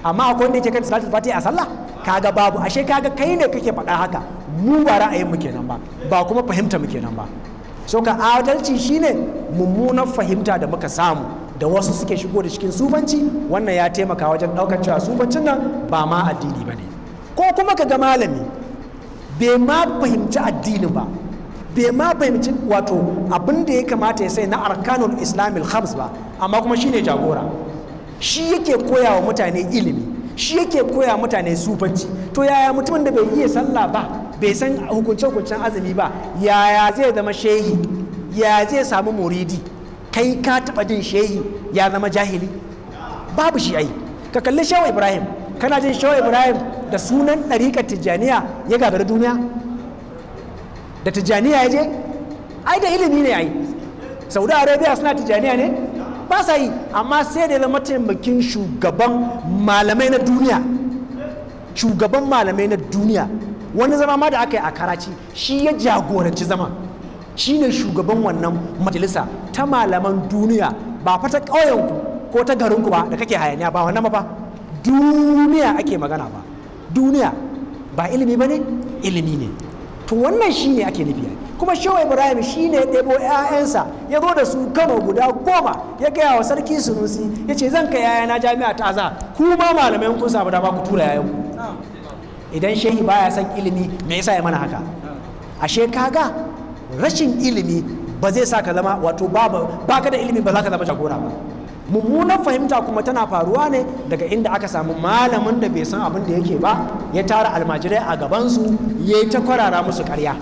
amma akwai wanda yake kan salatul fati a sallah kaga babu ashe kaga kai ne kake faɗa haka mu ba ra'ayin mu kenan ba ba kuma fahimta mu kenan ba so ka adalci shine mummunan fahimta da muka samu da wasu suke shigo da cikin sufanci wannan ya taimaka wajen ɗaukar cewa sufancin nan ba ma addini ba ne ko kuma ka ga malami bai ma fahimci addini ba bai ma fahimci wato abin da ya kamata ya sai na arkanul islamil khams ba amma kuma shine jagora shi yake koya wa mutane ilimi shi yake koya mutane sufanci to yaya mutumin da bai iya sallah ba bai san hukunce-hukuncen azumi ba yaya zai zama shehi ya zai samu muridi kai ka taɓa jin shehi ya zama jahili babu shi ai ka kalli shehu ibrahim kana jin shehu ibrahim da sunan ɗariƙar tijjaniya ya gagari duniya da tijjaniya ya je ai da ilimi ne ai saudi arabia suna tijjaniya ne ba sa yi amma sai da zama taimakin shugaban malamai na duniya shugaban malamai na duniya wani zama ma da aka yi a karaci shi ya jagoranci zama shi ne shugaban wannan majalisa ta malaman duniya ba fa ta ƙauyenku ko ta garinku ba da kake hayaniya ba wannan ba duniya ake magana ba duniya ba ilimi ba ne ilimi ne to wannan shi ne ake nufi kuma shehu ibrahim shi ne ɗebo 'ya'yansa ya zo da su kano guda goma ya gaya wa sarki sunusi ya ce zan kai 'ya'yana jami'a ta aza ku ma malaman kun samu dama ku tura 'ya'yanku idan shehi baya son ilimi me yasa ya mana haka ashe kaga rashin ilimi ba zai sa ka zama wato ba baka da ilimi ba za ka zama jagora ba mummunan fahimta kuma tana faruwa ne daga inda aka samu malamin da bai san abin da yake ba ya tara almajirai a gabansu ya yi ta kwarara musu karya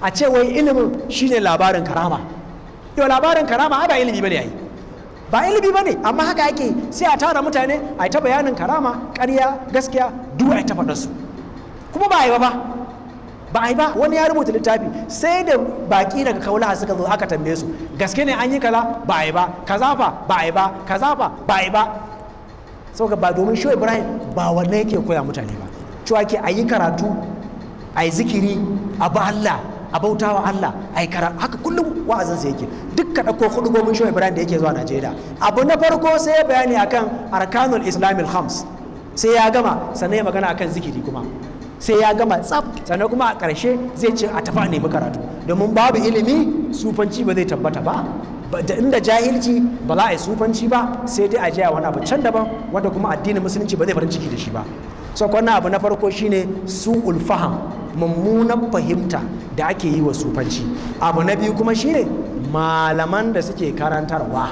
a ce wai ilimin shine labarin karama yau labarin karama a ba ilimi bane yayi ba ilimi bane amma haka ake sai a tara mutane a ta bayanin karama karya gaskiya duk a ta faɗa su kuma ba a yi ba ba yi ba wani ya rubuta littafi sai da baki daga a suka zo aka tambaye su gaske ne an yi kaza ba a yi ba kaza fa ba a yi ba kaza fa ba a yi ba saboda ba domin shi ibrahim ba wannan yake koya mutane ba cewa ke a yi karatu a yi zikiri a ba allah a bauta wa Allah a yi karatu haka kullum wa'azinsa yake duk ka ɗauko gomin shi ibrahim da yake zuwa najeriya abu na farko sai ya bayani akan arkanul islamil hams sai ya gama sannan ya magana akan zikiri kuma sai ya gama tsaf sannan kuma a ƙarshe zai ce a tafa nemi karatu domin babu ilimi sufanci ba zai tabbata ba da inda jahilci ba za a yi sufanci ba sai dai a je a wani abu can daban wanda kuma addinin musulunci ba zai farin ciki da shi ba sakon abu na farko shine su ulfaham mummunan fahimta da ake yi wa sufanci abu na biyu kuma shine malaman da suke karantarwa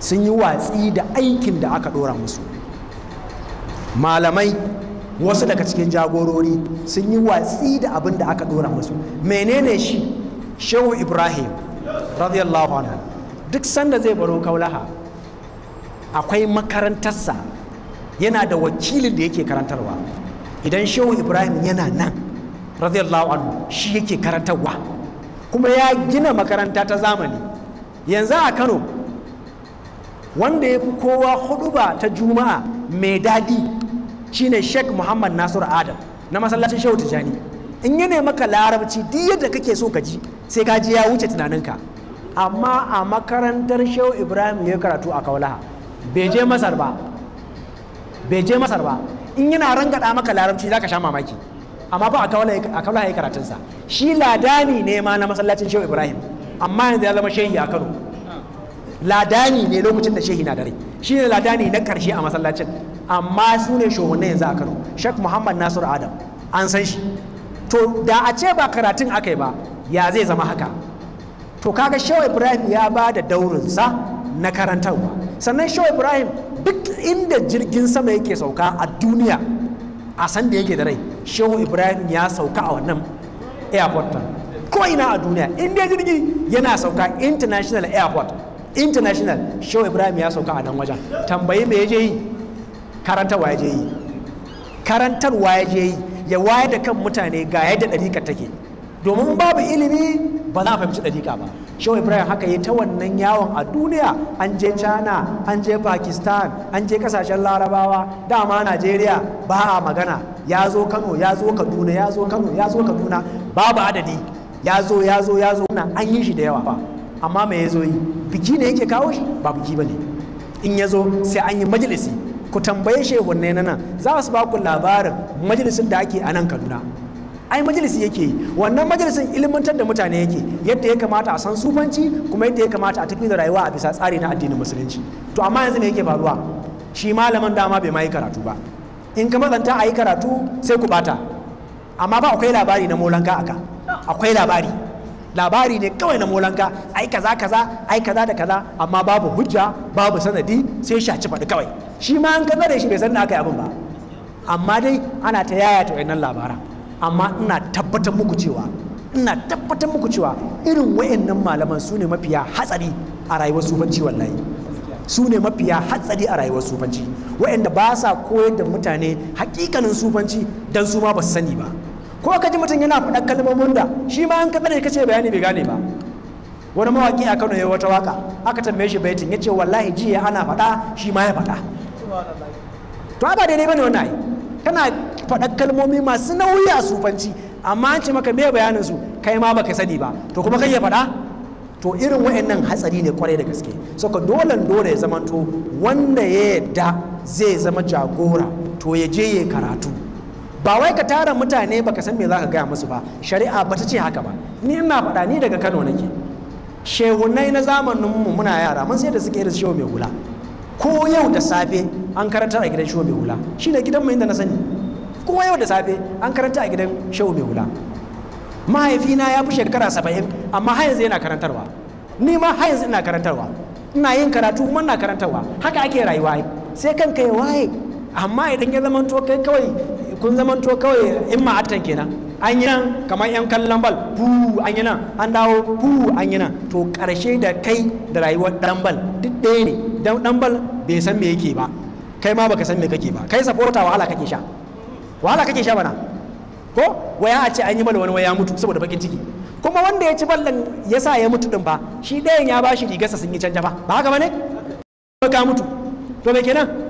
sun yi watsi da aikin da aka dora musu malamai wasu daga cikin jagorori sun yi watsi da abin da aka dora musu menene shi shehu ibrahim radiyallahu anhu duk sanda zai baro kaulaha akwai makarantarsa yana da wakilin da yake karantarwa idan shehu ibrahim yana nan radiyallahu anhu shi yake karantarwa kuma ya gina makaranta ta zamani yanzu a kano wanda ya fi kowa hudu ba ta juma'a mai daɗi shine Sheikh Muhammad Nasiru Adam na masallacin Shehu Tijani in yana maka larabci duk yadda kake so ka ji sai ka ji ya wuce tunaninka amma a makarantar Shehu Ibrahim ya karatu a Kaulaha bai je Masar ba bai je Masar ba in yana rangada maka larabci zaka sha mamaki amma ba a Kaulaha ya sa shi ladani ne ma na masallacin Shehu Ibrahim amma yanzu ya zama shehi a Kano ladani ne lokacin da shehi na dare shi ne lada ne na karshe a masallacin amma su ne na yanzu a kano shek muhammad nasiru adam an san shi to da a ce ba karatun aka yi ba ya zai zama haka to kaga shehu ibrahim ya ba da daurinsa na karantarwa sannan shehu ibrahim duk inda jirgin sama yake sauka a duniya a san da yake da rai shehu ibrahim ya sauka a wannan airport ko ina a duniya inda jirgin yana sauka international airport international show ibrahim ya sauka a nan wajen tambayi mai yaje yi karantarwa yaje yi karantarwa yaje yi ya wayar da kan mutane ga yadda ɗarika take domin babu ilimi ba za a fahimci dariƙa ba show ibrahim haka yi ta wannan yawon a duniya an je china an je pakistan an je kasashen larabawa dama najeriya ba a magana ya zo kano ya zo kaduna ya zo kano ya zo kaduna babu adadi ya zo ya zo ya zo na an yi shi da yawa ba. amma mai ya zo yi biki ne yake kawo shi ba biki ba ne in ya zo sai an yi majalisi ku tambaye shi shehunne na nan za su ba ku labarin majalisin da ake a nan kaduna ai majalisi yake yi wannan majalisin ilmantar da mutane yake yadda ya kamata a san sufanci kuma yadda ya kamata a tafi da rayuwa a bisa tsari na addinin musulunci to amma yanzu ne yake faruwa shi malaman dama bai ma yi karatu ba in ka mazanta a yi karatu sai ku bata amma ba akwai labari na molanka aka akwai labari labari ne kawai na molanka ai kaza kaza ai kaza da kaza amma babu hujja babu sanadi sai shaci faɗi kawai shi ma an kaza da shi bai san da aka yi abin ba amma dai ana ta yaya ta wayannan labaran amma ina tabbatar muku cewa ina tabbatar muku cewa irin wayannan malaman su ne mafiya hatsari a rayuwar sufanci wallahi su ne mafiya hatsari a rayuwar sufanci wayanda ba sa koyar da mutane hakikanin sufanci dan su ma ba sani ba ko ka ji mutum yana faɗan kalmomin da shi ma an ka tsare kace bayani bai gane ba wani mawaƙi a Kano ya wata waka aka tambaye shi baitin ce wallahi jiya ana faɗa shi ma ya faɗa to ba daidai bane wannan ai kana faɗan kalmomi masu nauyi a sufanci amma an ce maka me bayanin su kai ma baka sani ba to kuma kai ya faɗa to irin wa'annan hatsari ne kwarai da gaske saka dolan dole ya zamanto wanda ya yadda zai zama jagora to ya je ya karatu ba wai ka tara mutane ba ka san me za ka gaya musu ba shari'a ba ta ce haka ba ni ina faɗa ni daga kano nake shehunai na zamanin mu muna yara mun sai da suke da shehu mai hula ko yau da safe an karanta a gidan shehu mai hula shine gidan mu inda na sani ko yau da safe an karanta a gidan shehu mai hula mahaifina ya fi shekara saba'in amma har yanzu yana karantarwa ni ma har yanzu ina karantarwa ina yin karatu kuma ina karantarwa haka ake rayuwa sai kanka ya waye amma idan ya zama to kai kawai kun zamanto kawai in ma'atan kenan an yi nan kamar yan kallon bal bu an yi nan an dawo bu an yi nan to karshe da kai da rayuwar dan bal duk ɗaya ne dan bal bai san me yake ba kai ma baka san me kake ba kai saporta wahala kake sha wahala kake sha bana ko waya a ce an yi bal wani waya mutu saboda bakin ciki kuma wanda ya ci ballan ya sa ya mutu din ba shi ɗayan ya bashi rigarsa sun yi canja ba ba haka bane ka mutu to me kenan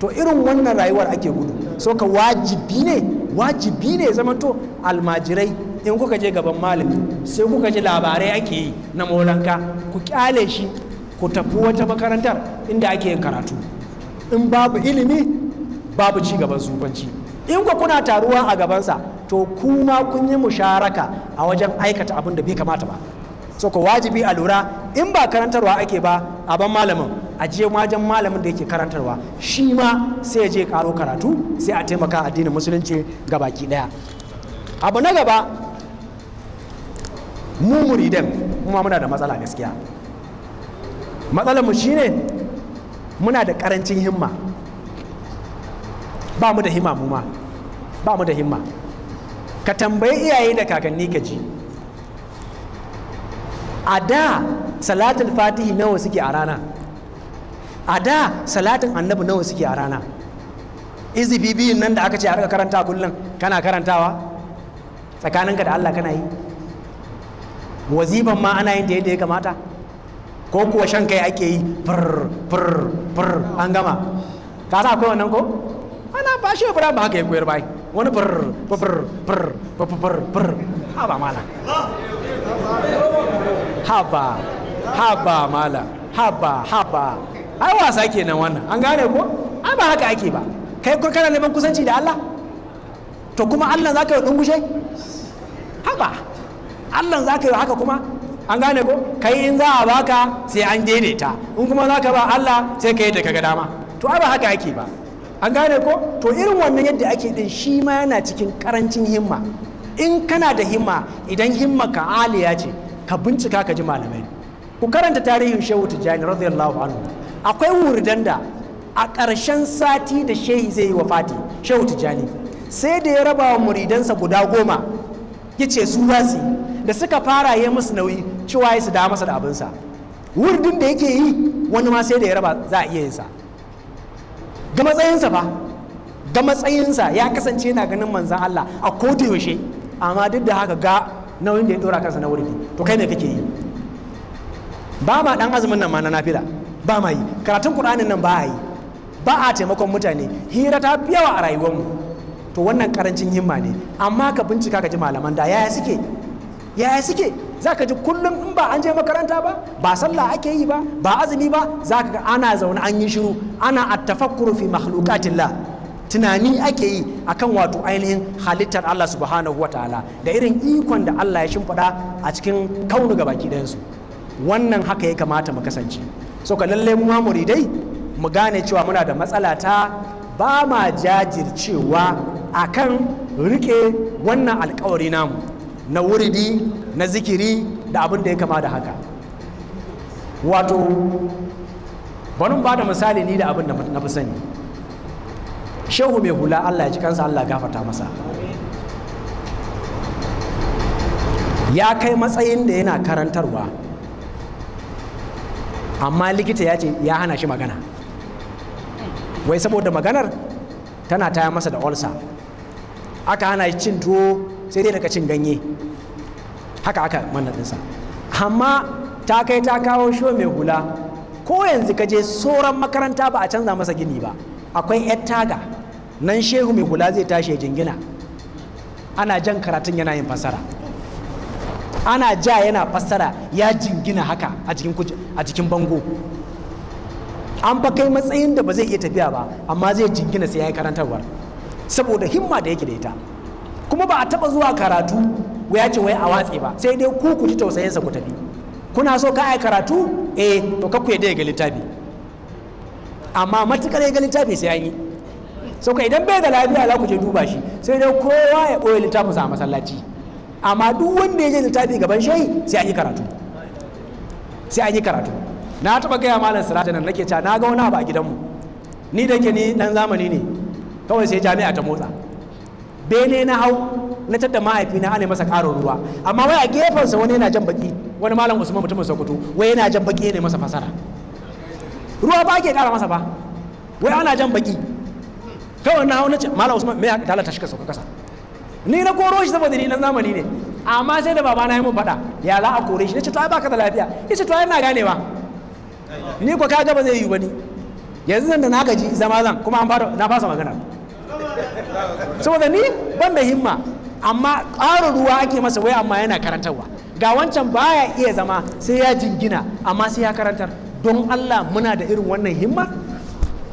to irin wannan rayuwar ake gudu so ka wajibi ne wajibi ne zama to almajirai in kuka je gaban malami sai kuka ji labarai ake yi na molanka ku kyale shi ku tafi wata makarantar inda ake yin karatu in babu ilimi babu ci gaban zubanci in ku kuna taruwa a gabansa to kuma kun yi musharaka a wajen aikata abin da bai kamata ba so ko wajibi a lura in ba karantarwa ake ba a ban malamin a je wajen malamin da yake karantarwa shi ma sai ya je karo karatu sai a taimaka addinin musulunci ga baki daya abu na gaba mu muridan kuma muna da matsala gaskiya matsalar mu shine muna da karancin himma ba mu da himma mu ma ba mu da himma ka tambayi iyaye da kakanni ka ji a da salatul fatihi nawa suke a rana a da salatin annabi nawa suke a rana izi bibiyin nan da aka ce a rika karanta kullum kana karantawa tsakaninka da Allah kana yi wazifan ma ana yin da yadda ya kamata ko kuwa shan kai ake yi fur fur fur an gama ka sa akwai wannan ko ana ba shi fura ba haka ya koyar bai wani fur fur fur fur fur fur ha ba haba haba mala haba haba ai wasa kenan wannan an gane ko ai ba haka ake ba kai ko kana neman kusanci da Allah to kuma Allah zaka yi dungushe haba Allah zaka yi haka kuma an gane ko kai in za a baka sai an ta in kuma zaka ba Allah sai kai da kaga dama to ai ba haka ake ba an gane ko to irin wannan yadda ake din shi ma yana cikin karancin himma in kana da himma idan himma ka aliya ce ka bincika ka ji malamai ku karanta tarihin shehu tijjani radiyallahu anhu akwai wuridan da a ƙarshen sati da shehi zai yi wa fati shehu tijjani sai da ya raba wa muridansa guda goma ya ce su za da suka fara ya musu nauyi cewa ya su da masa da abinsa wurdin da yake yi wani ma sai da ya raba za a iya yinsa ga matsayinsa fa ga matsayinsa ya kasance yana ganin manzan Allah a kodayaushe amma duk da haka ga nauyin da ya dora kansa na wuri to kai ne kake yi ba ma dan azumin nan ma na nafila ba ma yi karatun qur'anin nan ba a yi ba a taimakon mutane hira ta fi yawa a mu. to wannan karancin himma ne amma ka bincika ka ji malaman da yaya suke yaya suke za ka ji kullum in ba an je makaranta ba ba sallah ake yi ba ba azumi ba za ka ana zaune an yi shiru ana attafakkuru fi makhluqatillah tunani ake yi akan wato ainihin halittar Allah subhanahu wa ta'ala da irin ikon da Allah ya shimfiɗa a cikin kaunu ga baki dayansu. wannan haka ya kamata mu kasance so ka lalle mu muridai mu gane cewa muna da matsala ta ba ma jajircewa akan rike wannan alkawari namu na wuridi na zikiri da abin da ya kama da haka wato ba da misali ni da abin da na fi sani shehu mai hula Allah ya ji kansa Allah gafarta masa ya kai matsayin da yana karantarwa amma likita ya ce ya hana shi magana wai saboda maganar tana taya masa da olsa aka hana shi cin tuwo sai dai daga cin ganye haka aka manna ɗinsa amma ta kai ta kawo shi mai hula ko yanzu ka je sauran makaranta ba a canza masa gini ba akwai yar taga nan shehu mai kula zai tashi ya jingina ana jan karatun yana yin fasara ana ja yana fasara ya jingina haka a cikin bango an fa kai matsayin da ba zai iya tafiya ba amma zai jingina sai ya yi karantarwar saboda himma da yake da ita kuma ba a taba zuwa karatu ya ce wai a watse ba sai dai ku ku ji tausayinsa ku tafi kuna so ka ai karatu eh to ka ku yadda ga littafi amma matukar ya ga littafi sai an yi sauka idan bai da lafiya za ku je duba shi sai dai kowa ya ɓoye sa a masallaci amma duk wanda ya je littafi gaban shai sai an yi karatu sai an karatu na taɓa gaya malam sirata nan nake ca na ga wani abu a gidanmu ni da ke ni nan zamani ne kawai sai jami'a ta motsa bene na hau na tadda mahaifina ana masa karo ruwa amma wai a sa wani yana jan baki wani malam usman mutumin sokoto wai yana jan baki ne masa fasara ruwa ba ke kara masa ba wai ana jan baki kawai na hau na ce mala usman mai ya talata shi ka sauka kasa ni na koro shi saboda ni na zamani ne amma sai da babana ya mun faɗa ya la a kore shi na ce to ai baka da lafiya ya ce to ai na ganewa ni ko kaga ba zai yi ba ni yanzu nan da na gaji zama zan kuma an fara na fasa magana saboda ni ban da himma amma ƙarin ruwa ake masa wai amma yana karantarwa ga wancan baya iya zama sai ya jingina amma sai ya karantar don Allah muna da irin wannan himma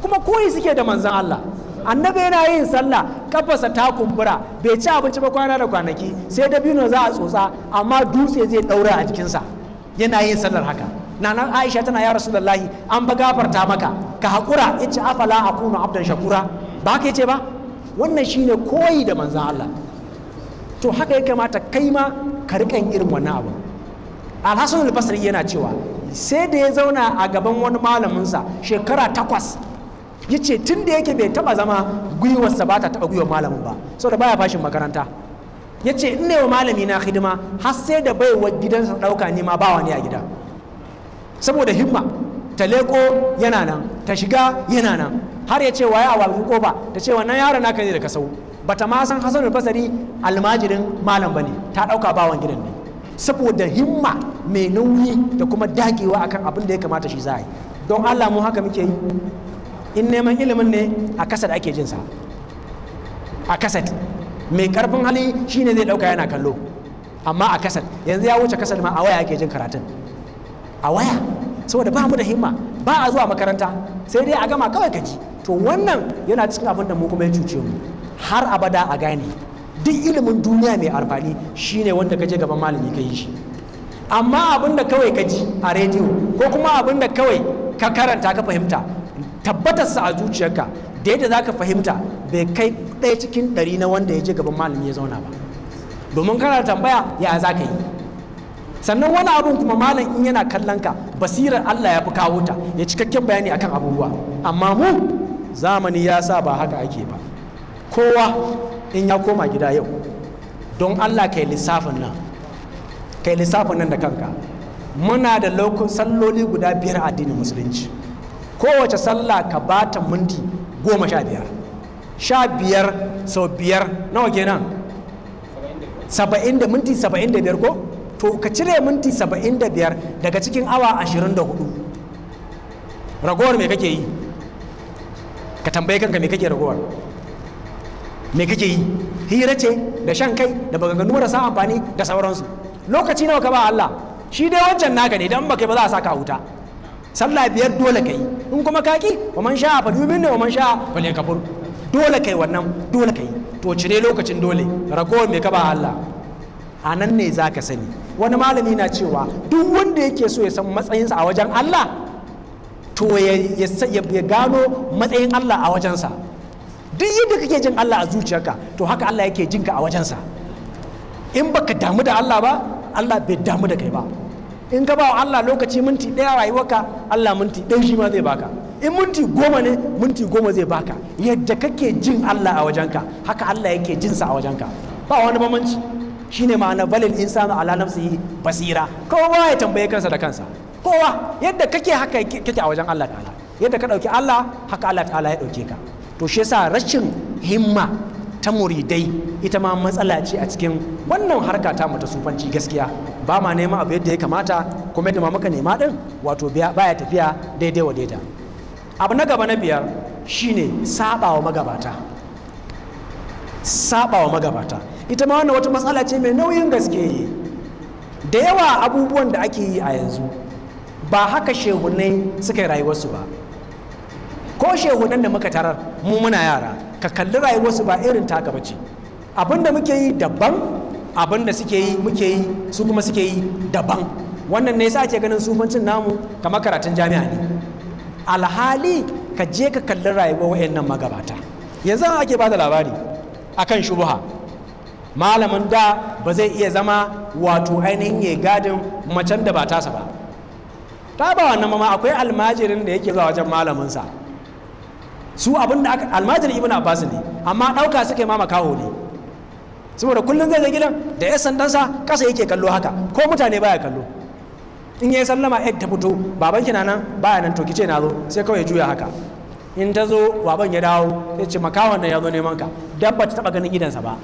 kuma koyi suke da manzan Allah annabi yana yin sallah kafasa ta kumbura bai ci abinci ba kwana da kwanaki sai dabino za a tsotsa amma dutse zai daura a jikinsa yana yin sallar haka nana aisha tana ya rasulullahi an ba gafarta maka ka hakura ya ci afala akunu abdan shakura ba ka ce ba wannan shine koyi da manzan Allah to haka ya kamata kai ma ka riƙa irin wannan abu alhassan basri yana cewa sai da ya zauna a gaban wani malaminsa shekara takwas ya ce tun da yake bai taba zama gwiwarsa ba ta taba gwiwa malamin ba saboda baya fashin makaranta ya ce in ne wa malami na hidima har sai da baiwa gidansa dauka nema ba wani a gida saboda himma ta leko yana nan ta shiga yana nan har ya ce waye a walgu kofa ta ce wannan yaron naka ne da kasau bata ma san hasanul fasari almajirin malam ne ta ɗauka bawan gidan ne saboda himma mai nauyi da kuma dagewa akan abin da ya kamata shi za yi don allah mu haka muke yi in neman ilimin ne a kasar ake jin sa? a kasar mai karfin hali shine zai dauka yana kallo amma a kasar yanzu ya wuce kasar ma a waya ake jin karatun a waya saboda ba mu da himma ba a zuwa makaranta sai dai a gama kawai ka ji to wannan yana cikin abin da mu kuma ya cuce mu har abada a gane duk ilimin duniya mai amfani shine wanda ka je gaban malami ka yi shi amma abin da kawai ka ji a rediyo ko kuma abin da kawai ka karanta ka fahimta tabbatar tabbatarsa a zuciyarka da yadda za ka fahimta bai kai ɗaya cikin ɗari na wanda ya je gaban malami ya zauna ba domin kana tambaya ya za ka yi sannan wani abun kuma malam in yana kallon ka basirar Allah ya fi kawo ta ya cikakken bayani akan abubuwa amma mu zamani ya sa ba haka ake ba kowa in ya koma gida yau don allah yi lissafin nan yi lissafin nan da kanka muna da salloli guda biyar a addinin musulunci kowace sallah ka ba ta minti goma sha biyar sha biyar sau biyar nawa kenan saba'in da minti saba'in da biyar ko to ka cire minti saba'in da biyar daga cikin awa ashirin da hudu ragowar me kake yi ka tambaye kanka me kake ragowar me kake yi hira ce da shan kai da maganganu marasa amfani da sauransu lokaci nawa ka ba Allah shi dai wancan naka ne dan baka ba za a saka wuta sallah biyar dole kai in kuma kaki wa man sha fa dubin ne wa man sha fa ne kafur dole kai wannan dole kai to cire lokacin dole rako me ka ba Allah a nan ne za ka sani wani malami na cewa duk wanda yake so ya san matsayinsa a wajen Allah to ya gano matsayin Allah a wajensa duk yadda kake jin Allah a zuciyarka to haka Allah yake jinka a wajensa in baka damu da Allah ba Allah bai damu da kai ba in ka ba wa Allah lokaci minti ɗaya rayuwarka Allah minti ɗan shi ma zai baka in minti goma ne minti goma zai baka yadda kake jin Allah a wajenka haka Allah yake jinsa a wajenka ba wani bambanci shine ma'ana balil insanu ala nafsihi basira kowa ya tambaye kansa da kansa kowa yadda kake haka kake a wajen Allah ta'ala yadda ka ɗauki Allah haka Allah ta'ala ya ɗauke ka to shi yasa rashin himma ta muridai ita ma matsala ce a cikin wannan harka ta mata ta sufanci gaskiya ba ma neman abu yadda ya kamata kuma yadda ma muka nema din wato baya tafiya daidai wa daida abu na gaba na biyar shine sabawa magabata sabawa magabata ita ma wannan wata matsala ce mai nauyin gaske da yawa abubuwan da ake yi a yanzu ba haka shehunai suka yi rayuwarsu ba ko shehudan da muka tarar mu muna yara ka kalli rayuwarsu ba irin taka bace abin da muke yi daban abin da suke yi muke yi su kuma suke yi daban wannan ne yasa ake ganin sufancin namu kamar karatun jami'a ne alhali ka je ka kalli rayuwar wayannan magabata yanzu ake bada labari akan shubuha malamin da ba zai iya zama wato ainihin ya gadin macen da ba tasa ba ta ba wannan mama akwai almajirin da yake zuwa wajen malaminsa su abin da aka almajir ibn abbas ne amma ɗauka suka ma makaho ne saboda kullum zai zai gidan da ya sandansa ƙasa yake kallo haka ko mutane baya kallo in ya sallama egg ta fito baban kina nan baya nan to ce na zo sai kawai ya juya haka in ta zo waban ya dawo ya ce makahon nan ya zo neman ka dabba ta taba ganin gidansa ba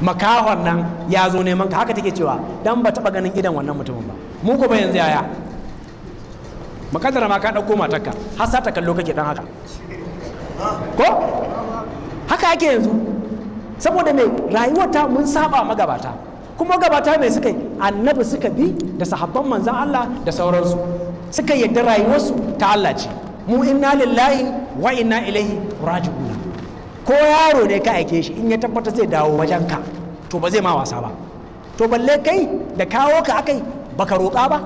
makahon nan ya zo neman ka haka take cewa dan ba taba ganin gidan wannan mutumin ba mu kuma yanzu yaya makadara ma ka ɗauko matarka har sa ta kallo kake dan haka ko haka ake yanzu saboda me rayuwata mun saba magabata kuma gabata mai suka yi annabi suka bi da sahabban manzan Allah da sauransu suka yadda rayuwarsu ta Allah ce mu inna lillahi wa inna ilaihi raji'un ko yaro ne ka aike shi in ya tabbata zai dawo wajen ka to ba zai ma wasa ba to balle kai da kawo ka akai baka roƙa ba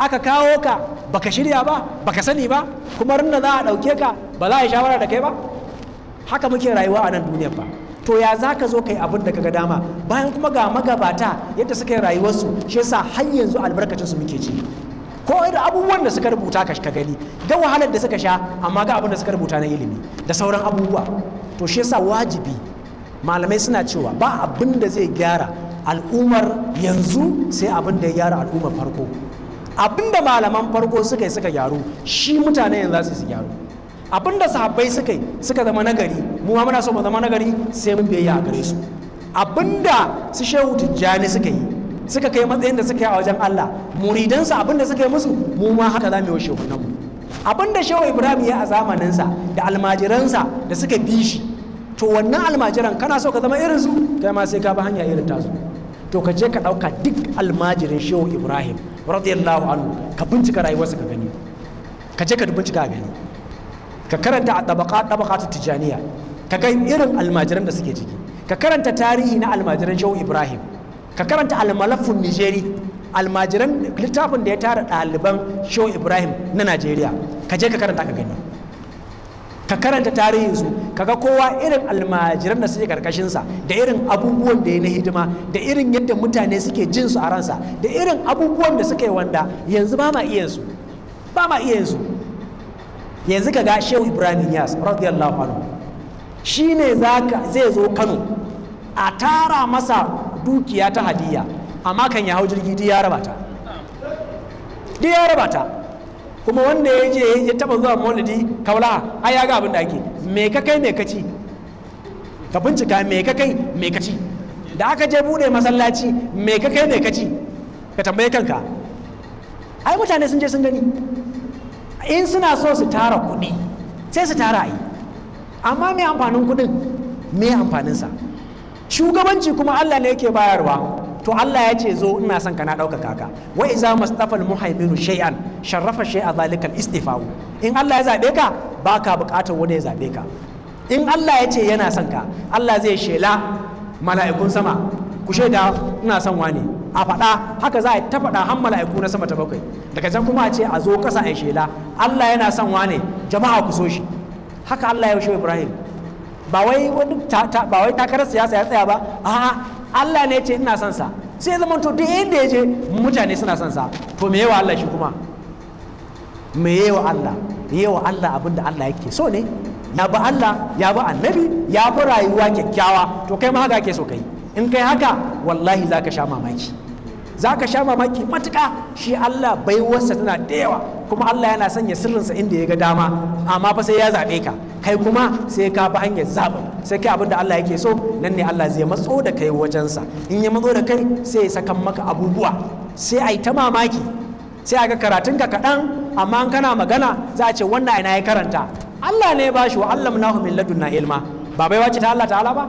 aka kawo ka baka shirya ba baka sani ba kuma rinna za a ɗauke ka ba za a yi shawara da kai ba haka muke rayuwa a nan duniyar ba to ya za ka zo kai abin da kaga dama bayan kuma ga magabata yadda suka yi rayuwarsu shi yasa har yanzu albarkacin su muke ci ko da abubuwan da suka rubuta ka gani ga wahalar da suka sha amma ga abin da suka rubuta na ilimi da sauran abubuwa to shi yasa wajibi malamai suna cewa ba abin da zai gyara al'ummar yanzu sai abin da ya gyara al'ummar farko abinda malaman farko suka yi suka gyaru shi mutane yanzu za su gyaru abinda sahabbai suka yi suka zama nagari mu ma muna so mu zama nagari sai mun biyayya a gare su abinda su shehu tijjani suka yi suka kai matsayin da suka yi a wajen Allah muridansa abinda suka yi musu mu ma haka za mu yi shehu nan abinda shehu Ibrahim ya a zamaninsa da almajiransa da suka bi shi to wannan almajiran kana so ka zama irin su kai ma sai ka bi hanya irin tasu to ka je ka ɗauka duk almajirin shehu ibrahim radiyallahu anhu ka bincika rayuwarsa ka gani ka je ka bincika ka gani ka karanta a tabaka tabaka ta tijaniya ka ga irin almajiran da suke ciki ka karanta tarihi na almajiran shehu ibrahim ka karanta almalafun nijeri almajiran littafin da ya tara ɗaliban shehu ibrahim na najeriya ka je ka karanta ka gani ka karanta tarihinsu kaga kowa irin almajiran da suke karkashinsa da irin abubuwan da ya na hidima da irin yadda mutane suke jin su a ransa da irin abubuwan da suka yi wanda yanzu ba ma iya su ba ma iya su yanzu kaga shehu ibrahim yas radiyallahu anhu shi ne zai zo kano a tara masa dukiya ta hadiya amma kan ya hau jirgi duk ya rabata. duk ya raba ta kuma wanda ya je ya taba zuwa maulidi kaula a ya ga abin da ake me ka kai me ka ci ka bincika me ka kai me ka ci da aka je bude masallaci me ka kai me ka ci ka tambaye kanka ai mutane sun je sun gani in suna so su tara kuɗi sai su tara ai amma me amfanin kuɗin me amfaninsa shugabanci kuma Allah ne yake bayarwa to Allah ya ce zo ina son ka na ɗaukaka ka wa iza mustafa muhaiminu shay'an sharrafa shay'a zalika istifa'u in Allah ya zabe ka baka buƙatar wani ya zabe ka in Allah ya ce yana son ka Allah zai shela mala'ikun sama ku shaida ina son wani a faɗa haka za a ta faɗa har mala'iku na sama ta bakwai daga can kuma a ce a zo ƙasa a shela Allah yana son wani jama'a ku so shi haka Allah ya yaushe Ibrahim ba wai ba wai takarar siyasa ya tsaya ba a'a Allah ne ce ina son sa sai zama to duk inda ya je mutane suna son sa to me yawa Allah shi kuma me yawa Allah yawa Allah abinda Allah yake so ne ya bi Allah ya bi annabi ya bi rayuwa kyakkyawa to kai ma haka ake so kai in kai haka wallahi zaka sha mamaki za ka sha mamaki matuƙa shi Allah baiwarsa tana da yawa kuma Allah yana sanya sirrinsa inda ya ga dama amma fa sai ya zaɓe ka kai kuma sai ka bi hanyar zaɓin sai kai abin da Allah yake so nan ne Allah zai matso da kai wajensa in ya matso da kai sai ya sakan maka abubuwa sai a yi ta mamaki sai a ga ka kaɗan amma in kana magana za a ce wannan ina ya karanta Allah ne ya shi wa Allah nahu min ladunna ilma ba baiwa ce ta Allah ta'ala ba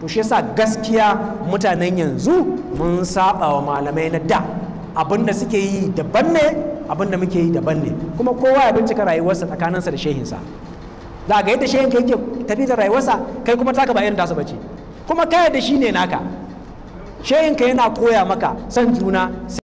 to shi yasa gaskiya mutanen yanzu mun saba wa malamai na da abinda da suke yi daban ne abin muke yi daban ne kuma kowa ya bincika rayuwarsa tsakaninsa da shehinsa za ga yadda shehin yake tafi da rayuwarsa kai kuma taka ba irin tasa bace kuma kai da shi ne naka shehin ka yana koya maka san juna